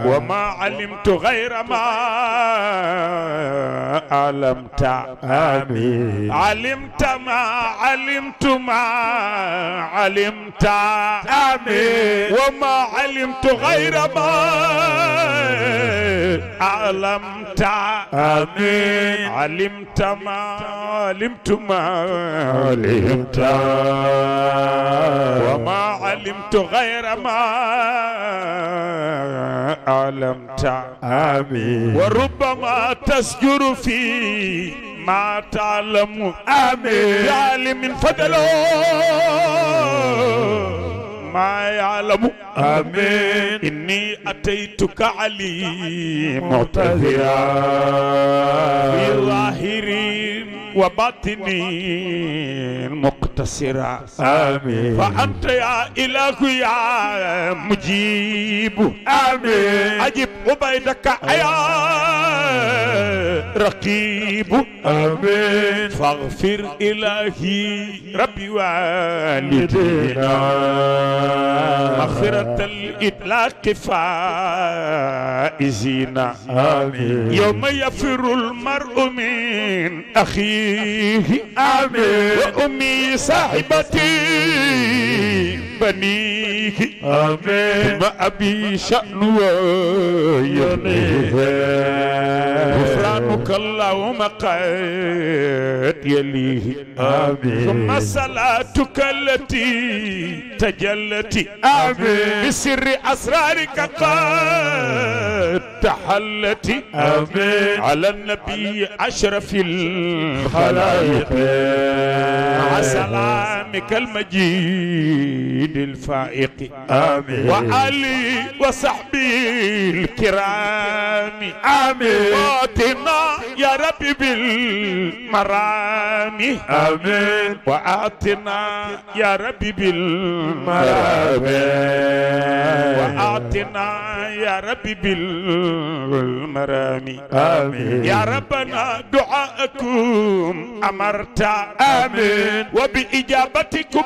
وما علمت غير ما علمت آمين علمت ما علمت ما علمت آمين وما علمت غير ما علمت آمين علمت ما علمت ما علمت وما علمت غير ما علمت آمين وربما تسجر في ما تعلم آمين يا من فضله ما يعلم آمين إني أتيتك علي معتذرا في ظاهري وباطني مقتصرا آمين فأنت يا إله يا مجيب آمين أجب عبيدك يا رقيب آمين فاغفر إلهي ربي والدينا مغفرة الإطلاق فائزين آمين يوم يفر المرء من أخيه آمين وأمي صاحبتي بنيه آمين ما أبي شأنه يغنيه غفرانك اللهم قد يليه آمين ثم صلاتك التي تجلت آمين بسر أسرارك قد تحلت آمين على النبي أشرف الخلائق مع سلامك المجيد سيد الفائق آمين وعلي وصحبي الكرام آمين واتنا يا رب بالمرام آمين وآتنا يا رب بالمرام وآتنا يا رب بالمرام آمين يا ربنا دعاءكم أمرت آمين وبإجابتكم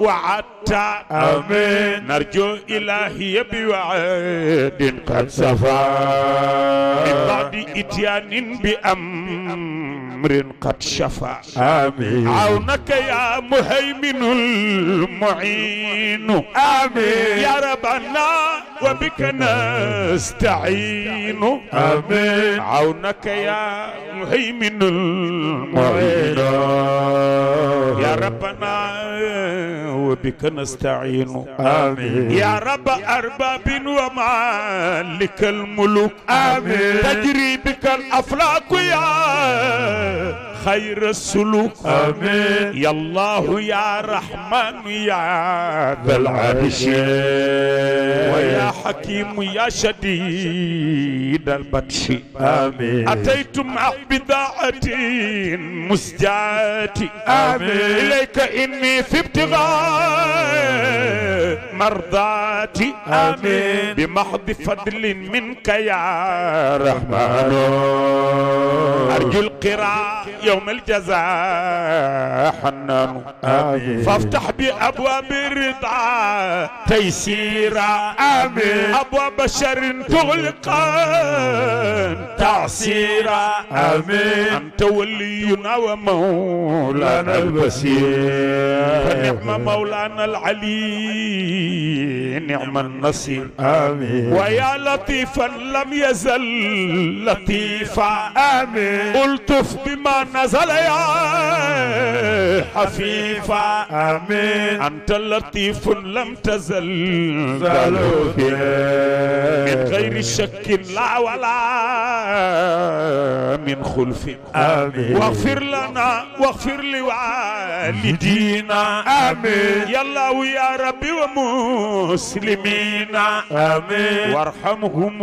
وعدت امين نرجو الهي بوعد قد سفى من بعد اتيان بامر قد شفى امين عونك يا مهيمن المعين امين يا ربنا وبك نستعين امين عونك يا مهيمن المعين يا ربنا وبك نستعين آمين يا رب أرباب ومالك الملوك آمين تجري بك الأفلاك يا خير السلوك امين يا الله يا رحمن يا ذا ويا حكيم يا شديد البطش امين اتيتم بضاعة مسجاتي امين اليك اني في ابتغاء مرضاك الصلاة آمين بمحض فضل منك يا رحمن أرجو القراء يوم الجزاء حنان آمين فافتح بأبواب الرضا تيسيرا آمين أبواب شر تغلق تعسيرا آمين أنت ولينا ومولانا البصير فنعم مولانا العلي نعم النصير آمين ويا لطيفا لم يزل لطيفا آمين ألطف بما نزل يا حفيفا آمين أنت لطيف لم تزل زلوك من غير شك لا ولا من خلف آمين واغفر لنا واغفر لوالدينا آمين يا الله يا ربي وموسى المسلمين آمين وارحمهم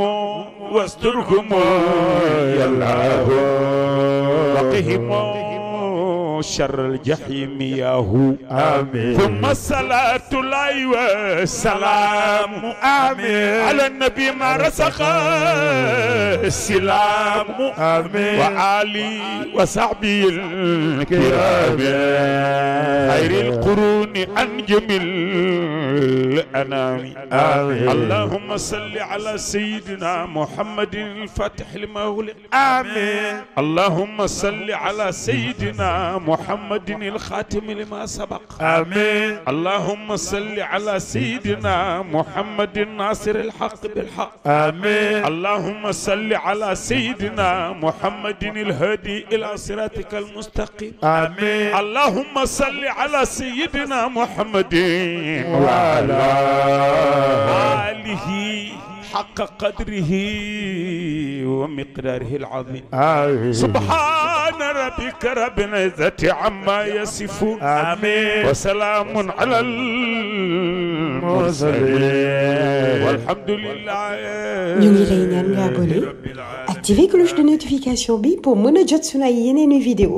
واسترهم يا الله وقهم شر الجحيم يا هو آمين ثم صلاة الله سلام آمين على النبي ما رسخ السلام آمين وعلي وصحبه الكرام خير القرون أنجم الأنام آمين اللهم صل على سيدنا محمد الفاتح المولى آمين اللهم صل على سيدنا محمد محمد الخاتم لما سبق آمين اللهم صل على سيدنا محمد الناصر الحق بالحق آمين اللهم صل على سيدنا محمد الهادي إلى صراطك المستقيم آمين اللهم صل على سيدنا محمد وعلى آله حق قدره ومقداره العظيم سبحان ربك رب العزة عما يصفون آمين وسلام على المرسلين والحمد لله نيغي رينيان غابوني اكتيفي كلوش دو نوتيفيكاسيون بي بو مونا جات سونا فيديو